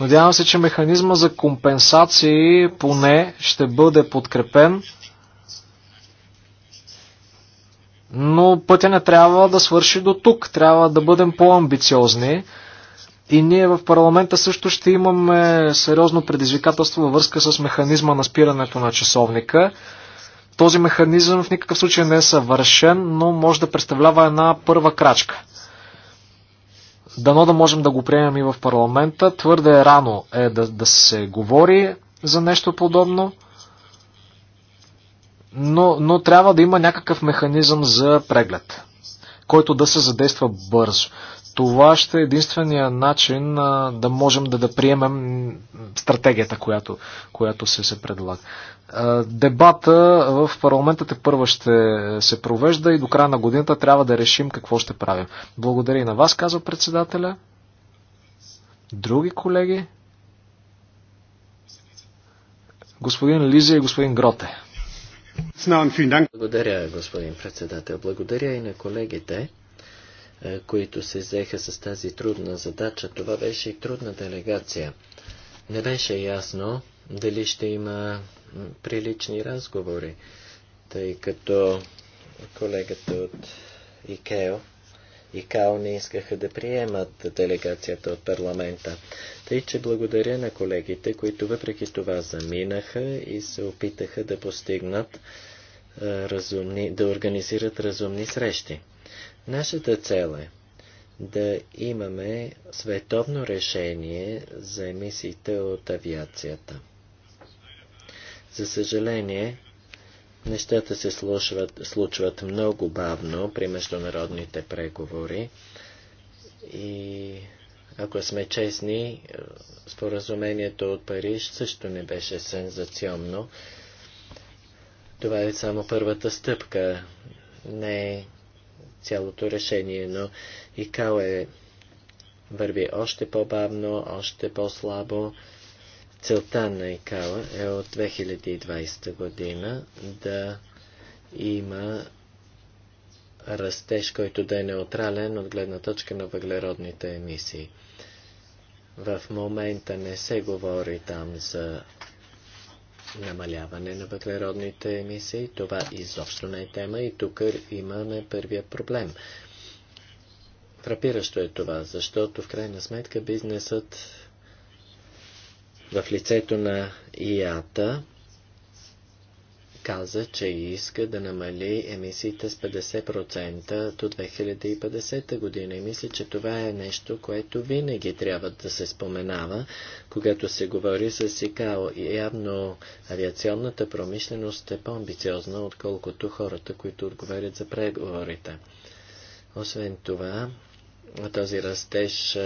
Надявам се, че механизма за компенсации поне ще бъде подкрепен, но пътя не трябва да свърши до тук. Трябва да бъдем по-амбициозни. И ние в парламента също ще имаме сериозно предизвикателство във връзка с механизма на спирането на часовника. Този механизъм в никакъв случай не е съвършен, но може да представлява една първа крачка. Дано да можем да го приемем и в парламента. Твърде рано е да, да се говори за нещо подобно, но, но трябва да има някакъв механизъм за преглед, който да се задейства бързо. Това ще е единствения начин да можем да, да приемем стратегията, която, която се, се предлага. Дебата в парламента те първа ще се провежда и до края на годината трябва да решим какво ще правим. Благодаря и на вас, казва председателя. Други колеги? Господин Лизия и господин Гроте. Благодаря, господин председател. Благодаря и на колегите. Е, които се взеха с тази трудна задача. Това беше и трудна делегация. Не беше ясно дали ще има прилични разговори, тъй като колегата от ИКЕО и Као не искаха да приемат делегацията от парламента. Тъй, че благодаря на колегите, които въпреки това заминаха и се опитаха да постигнат е, разумни, да организират разумни срещи. Нашата цел е да имаме световно решение за емисиите от авиацията. За съжаление, нещата се случват, случват много бавно при международните преговори и ако сме честни, споразумението от Париж също не беше сензационно. Това е само първата стъпка. Не е цялото решение, но ИКАО е върви още по-бавно, още по-слабо. Целта на Икала е от 2020 година да има растеж, който да е неутрален от гледна точка на въглеродните емисии. В момента не се говори там за намаляване на въглеродните емисии. Това изобщо не е тема и тук имаме първия проблем. Фрапиращо е това, защото в крайна сметка бизнесът в лицето на ИАТА каза, че иска да намали емисиите с 50% до 2050 година. И мисля, че това е нещо, което винаги трябва да се споменава, когато се говори за и Явно авиационната промишленост е по-амбициозна, отколкото хората, които отговарят за преговорите. Освен това, този растеж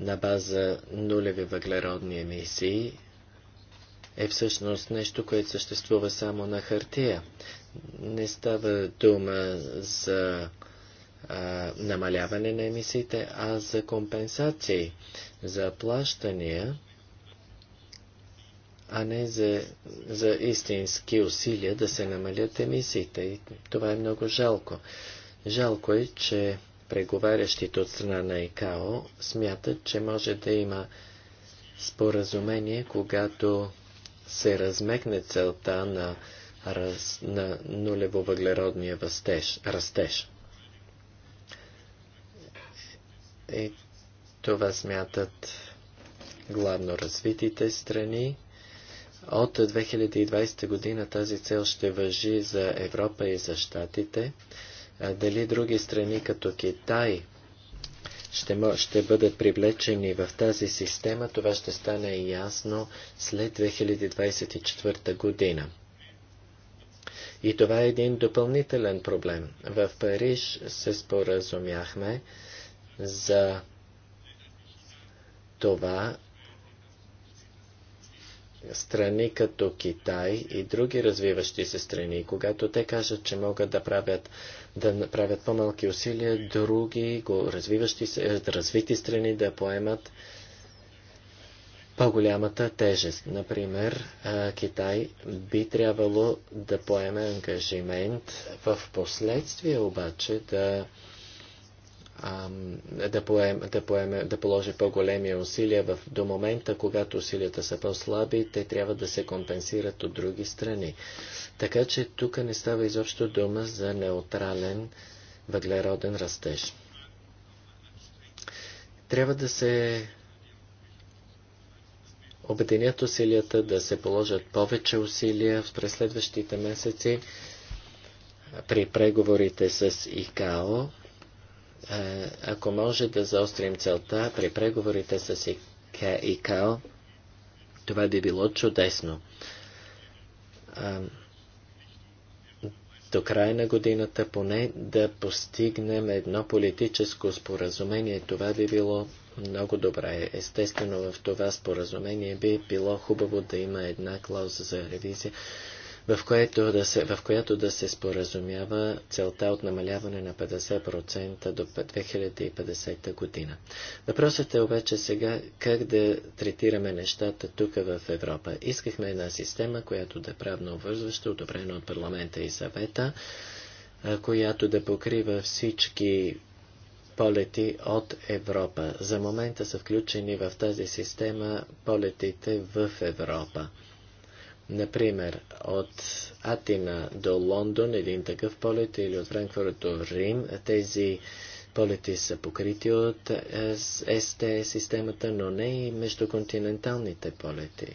на база нулеви въглеродни емисии е всъщност нещо, което съществува само на хартия. Не става дума за а, намаляване на емисиите, а за компенсации, за плащания, а не за, за истински усилия да се намалят емисиите. И това е много жалко. Жалко е, че преговарящите от страна на ИКАО смятат, че може да има споразумение, когато се размекне целта на, раз, на нулево въглеродния въстеж, растеж. И това смятат главно развитите страни. От 2020 година тази цел ще въжи за Европа и за Штатите. Дали други страни като Китай ще, ще бъдат привлечени в тази система, това ще стане ясно след 2024 година. И това е един допълнителен проблем. В Париж се споразумяхме за това страни като Китай и други развиващи се страни, когато те кажат, че могат да правят да направят по-малки усилия, други, го развиващи се, е, развити страни да поемат по-голямата тежест. Например, Китай би трябвало да поеме ангажимент в последствие обаче да да, поем, да, поеме, да положи по-големи усилия в, до момента, когато усилията са по-слаби, те трябва да се компенсират от други страни. Така че тук не става изобщо дума за неутрален въглероден растеж. Трябва да се обединят усилията, да се положат повече усилия през следващите месеци при преговорите с ИКАО ако може да заострим целта при преговорите с ИКАО, това би било чудесно. До края на годината поне да постигнем едно политическо споразумение. Това би било много добре. Естествено, в това споразумение би било хубаво да има една клауза за ревизия, в която да се, в която да се споразумява целта от намаляване на 50% до 2050 година. Въпросът е обаче сега как да третираме нещата тук в Европа. Искахме една система, която да е правно обвързваща, одобрена от парламента и съвета, която да покрива всички полети от Европа. За момента са включени в тази система полетите в Европа. Например, от Атина до Лондон един такъв полет или от Франкфурт до Рим. Тези полети са покрити от е, СТ системата, но не и междуконтиненталните полети.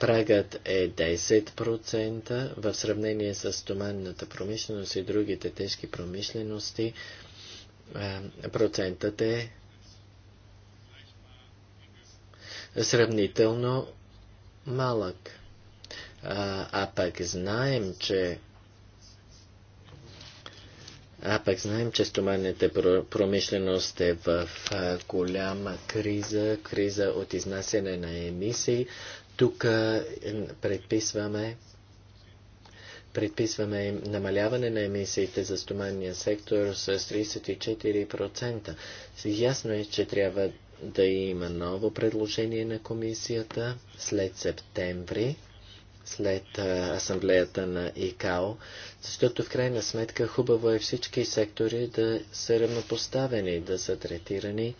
Прагът е 10% в сравнение с туманната промишленост и другите тежки промишлености. Процентът е сравнително малък. А, а пък знаем, че а пък знаем, че стоманната промишленост е в голяма криза, криза от изнасяне на емисии. Тук предписваме предписваме намаляване на емисиите за стоманния сектор с 34%. Ясно е, че трябва да има ново предложение на комисията след септември, след асамблеята на ИКАО, защото в крайна сметка хубаво е всички сектори да са равнопоставени, да са третирани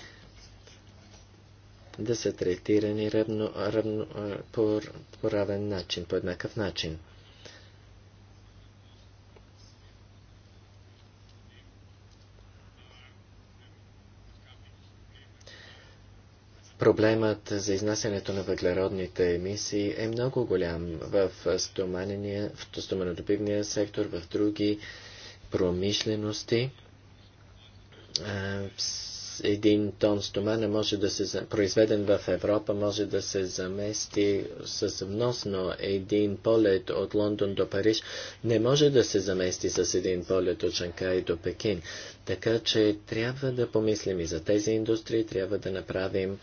да са третирани равно, равно, по, по равен начин, по еднакъв начин. Проблемът за изнасянето на въглеродните емисии е много голям в, в стоманодобивния сектор, в други промишлености. Един тон стомана може да се, произведен в Европа, може да се замести с вносно. Един полет от Лондон до Париж не може да се замести с един полет от Шанкай до Пекин. Така че трябва да помислим и за тези индустрии, трябва да направим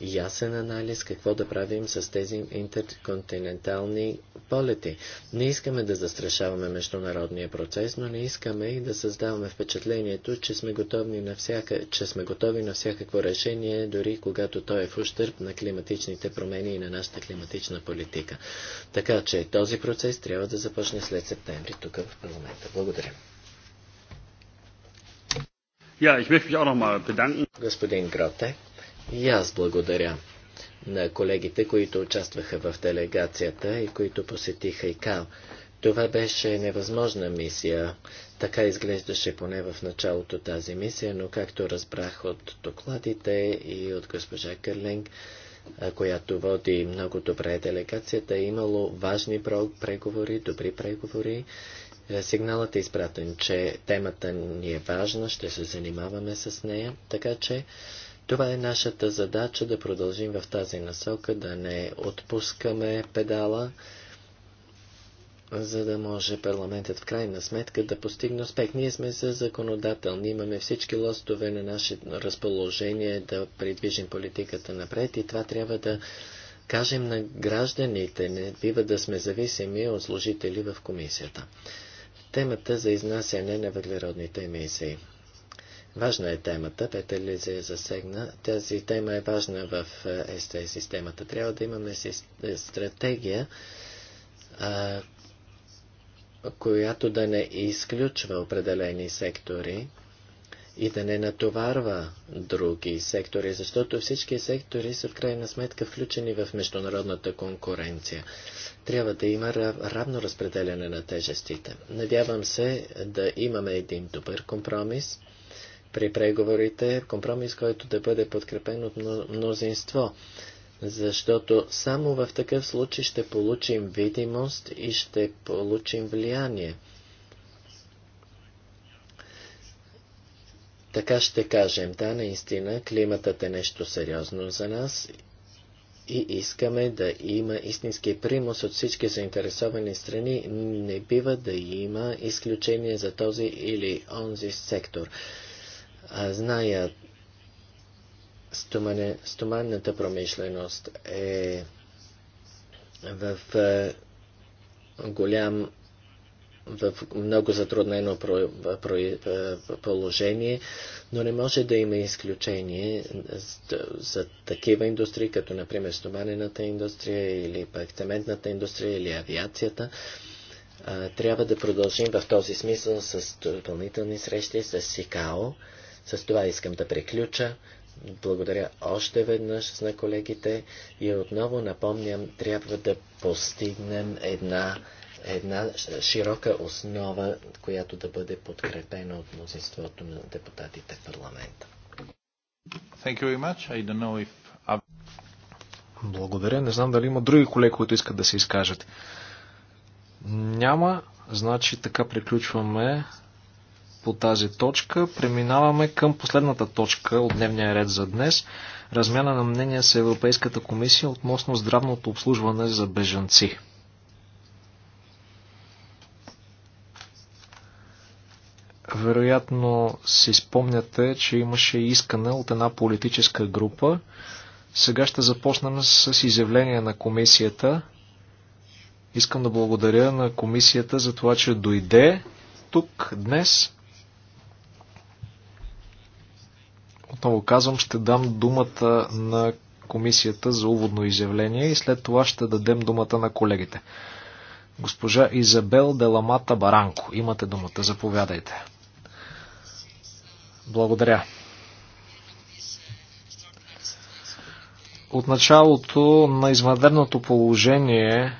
ясен анализ какво да правим с тези интерконтинентални полети. Не искаме да застрашаваме международния процес, но не искаме и да създаваме впечатлението, че сме готови на, всяка, че сме готови на всякакво решение, дори когато то е в ущърп на климатичните промени и на нашата климатична политика. Така че този процес трябва да започне след септември тук в парламента. Благодаря. Ja, ich möchte mich auch mal bedanken. Господин Гроте. И аз благодаря на колегите, които участваха в делегацията и които посетиха ИКАО. Това беше невъзможна мисия. Така изглеждаше поне в началото тази мисия, но както разбрах от докладите и от госпожа Кърлинг, която води много добре делегацията, е имало важни преговори, добри преговори. Е, сигналът е изпратен, че темата ни е важна, ще се занимаваме с нея, така че това е нашата задача да продължим в тази насока, да не отпускаме педала, за да може парламентът в крайна сметка да постигне успех. Ние сме за законодателни, имаме всички лостове на наше разположение да придвижим политиката напред и това трябва да кажем на гражданите. Не бива да сме зависими от служители в комисията. Темата за изнасяне на въглеродните емисии. Важна е темата, Петър Лизе я засегна. Тази тема е важна в СТ е, е, е, системата. Трябва да имаме стратегия, която да не изключва определени сектори и да не натоварва други сектори, защото всички сектори са в крайна сметка включени в международната конкуренция. Трябва да има равно разпределяне на тежестите. Надявам се да имаме един добър компромис – при преговорите компромис, който да бъде подкрепен от мнозинство. Защото само в такъв случай ще получим видимост и ще получим влияние. Така ще кажем, да, наистина, климатът е нещо сериозно за нас и искаме да има истински примус от всички заинтересовани страни. Не бива да има изключение за този или онзи сектор. Знаят, стомане, стоманната промишленост е в голям в много затруднено положение, но не може да има изключение за, такива индустрии, като например стоманената индустрия или пък цементната индустрия или авиацията. Трябва да продължим в този смисъл с допълнителни срещи с СИКАО. С това искам да приключа. Благодаря още веднъж на колегите и отново напомням, трябва да постигнем една, една широка основа, която да бъде подкрепена от мнозинството на депутатите в парламента. If... Благодаря. Не знам дали има други колеги, които искат да се изкажат. Няма. Значи така приключваме по тази точка. Преминаваме към последната точка от дневния ред за днес. Размяна на мнение с Европейската комисия относно здравното обслужване за бежанци. Вероятно си спомняте, че имаше искане от една политическа група. Сега ще започнем с изявление на комисията. Искам да благодаря на комисията за това, че дойде тук днес. отново казвам, ще дам думата на комисията за уводно изявление и след това ще дадем думата на колегите. Госпожа Изабел Деламата Баранко, имате думата, заповядайте. Благодаря. От началото на извънредното положение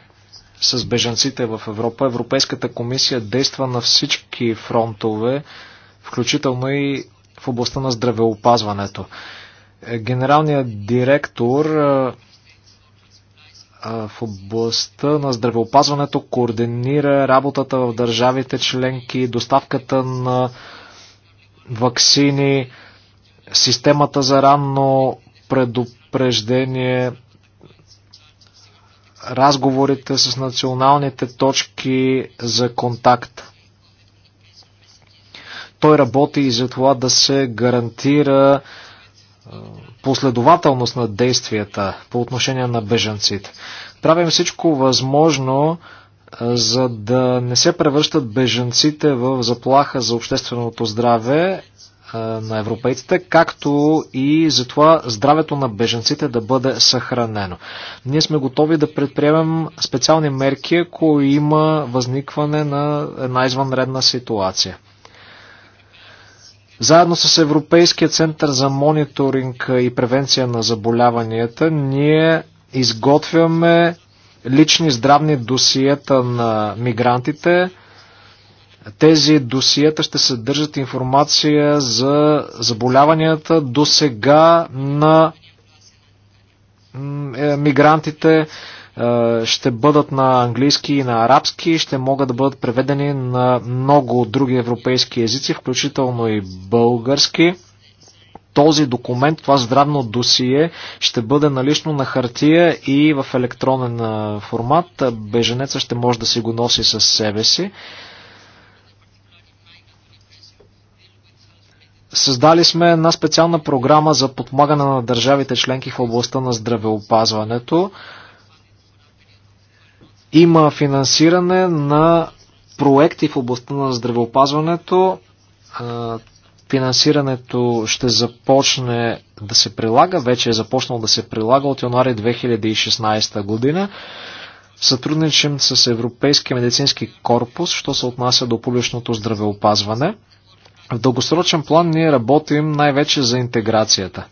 с бежанците в Европа, Европейската комисия действа на всички фронтове, включително и в областта на здравеопазването. Е, генералният директор е, е, в областта на здравеопазването координира работата в държавите членки, доставката на вакцини, системата за ранно предупреждение, разговорите с националните точки за контакт. Той работи и за това да се гарантира последователност на действията по отношение на бежанците. Правим всичко възможно, за да не се превръщат бежанците в заплаха за общественото здраве на европейците, както и за това здравето на беженците да бъде съхранено. Ние сме готови да предприемем специални мерки, ако има възникване на една извънредна ситуация. Заедно с Европейския център за мониторинг и превенция на заболяванията, ние изготвяме лични здравни досиета на мигрантите. Тези досиета ще съдържат информация за заболяванията до сега на е, мигрантите, е, ще бъдат на английски и на арабски, ще могат да бъдат преведени на много други европейски езици, включително и български. Този документ, това здравно досие ще бъде налично на хартия и в електронен е, формат. Беженеца ще може да си го носи със себе си. Създали сме една специална програма за подмагане на държавите членки в областта на здравеопазването. Има финансиране на проекти в областта на здравеопазването. Финансирането ще започне да се прилага, вече е започнало да се прилага от януари 2016 година. Сътрудничим с Европейския медицински корпус, що се отнася до публичното здравеопазване. В дългосрочен план ние работим най-вече за интеграцията.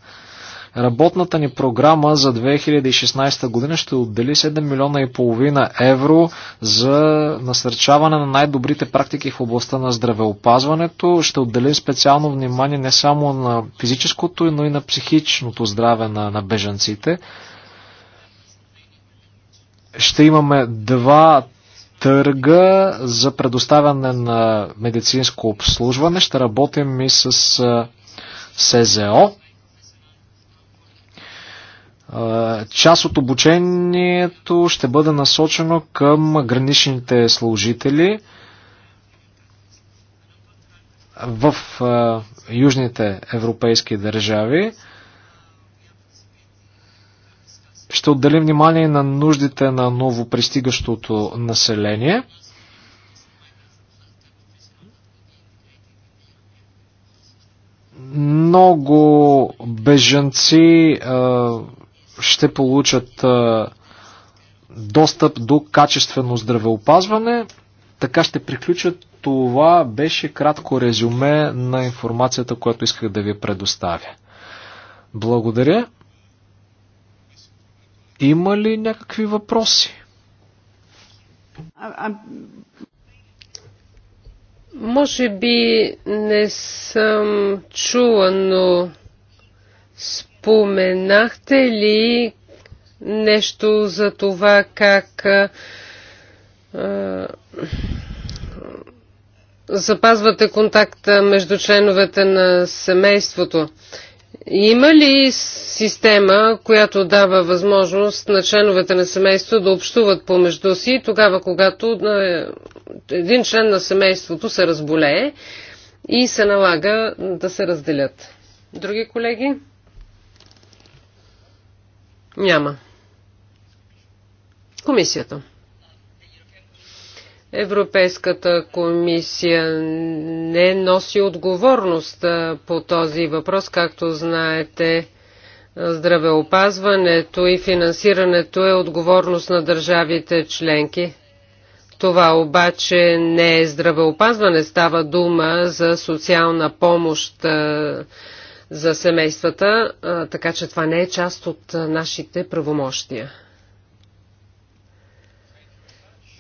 Работната ни програма за 2016 година ще отдели 7 милиона и половина евро за насърчаване на най-добрите практики в областта на здравеопазването. Ще отделим специално внимание не само на физическото, но и на психичното здраве на, на бежанците. Ще имаме два търга за предоставяне на медицинско обслужване. Ще работим и с СЗО. Част от обучението ще бъде насочено към граничните служители в южните европейски държави. Ще отделим внимание на нуждите на новопристигащото население. Много бежанци ще получат достъп до качествено здравеопазване. Така ще приключат. Това беше кратко резюме на информацията, която исках да ви предоставя. Благодаря. Има ли някакви въпроси? Може би не съм чула, но Споменахте ли нещо за това как а, запазвате контакта между членовете на семейството? Има ли система, която дава възможност на членовете на семейството да общуват помежду си, тогава когато един член на семейството се разболее и се налага да се разделят? Други колеги? Няма. Комисията. Европейската комисия не носи отговорност по този въпрос, както знаете. Здравеопазването и финансирането е отговорност на държавите членки. Това обаче не е здравеопазване, става дума за социална помощ за семействата, така че това не е част от нашите правомощия.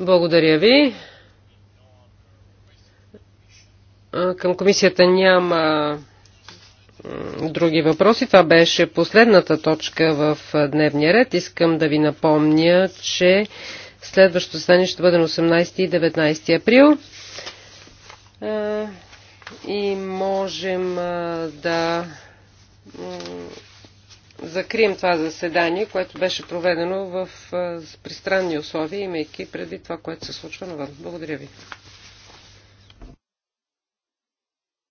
Благодаря ви. Към комисията няма други въпроси. Това беше последната точка в дневния ред. Искам да ви напомня, че следващото стане ще бъде на 18 и 19 април и можем да закрием това заседание, което беше проведено в пристранни условия, имайки преди това, което се случва навън. Благодаря ви.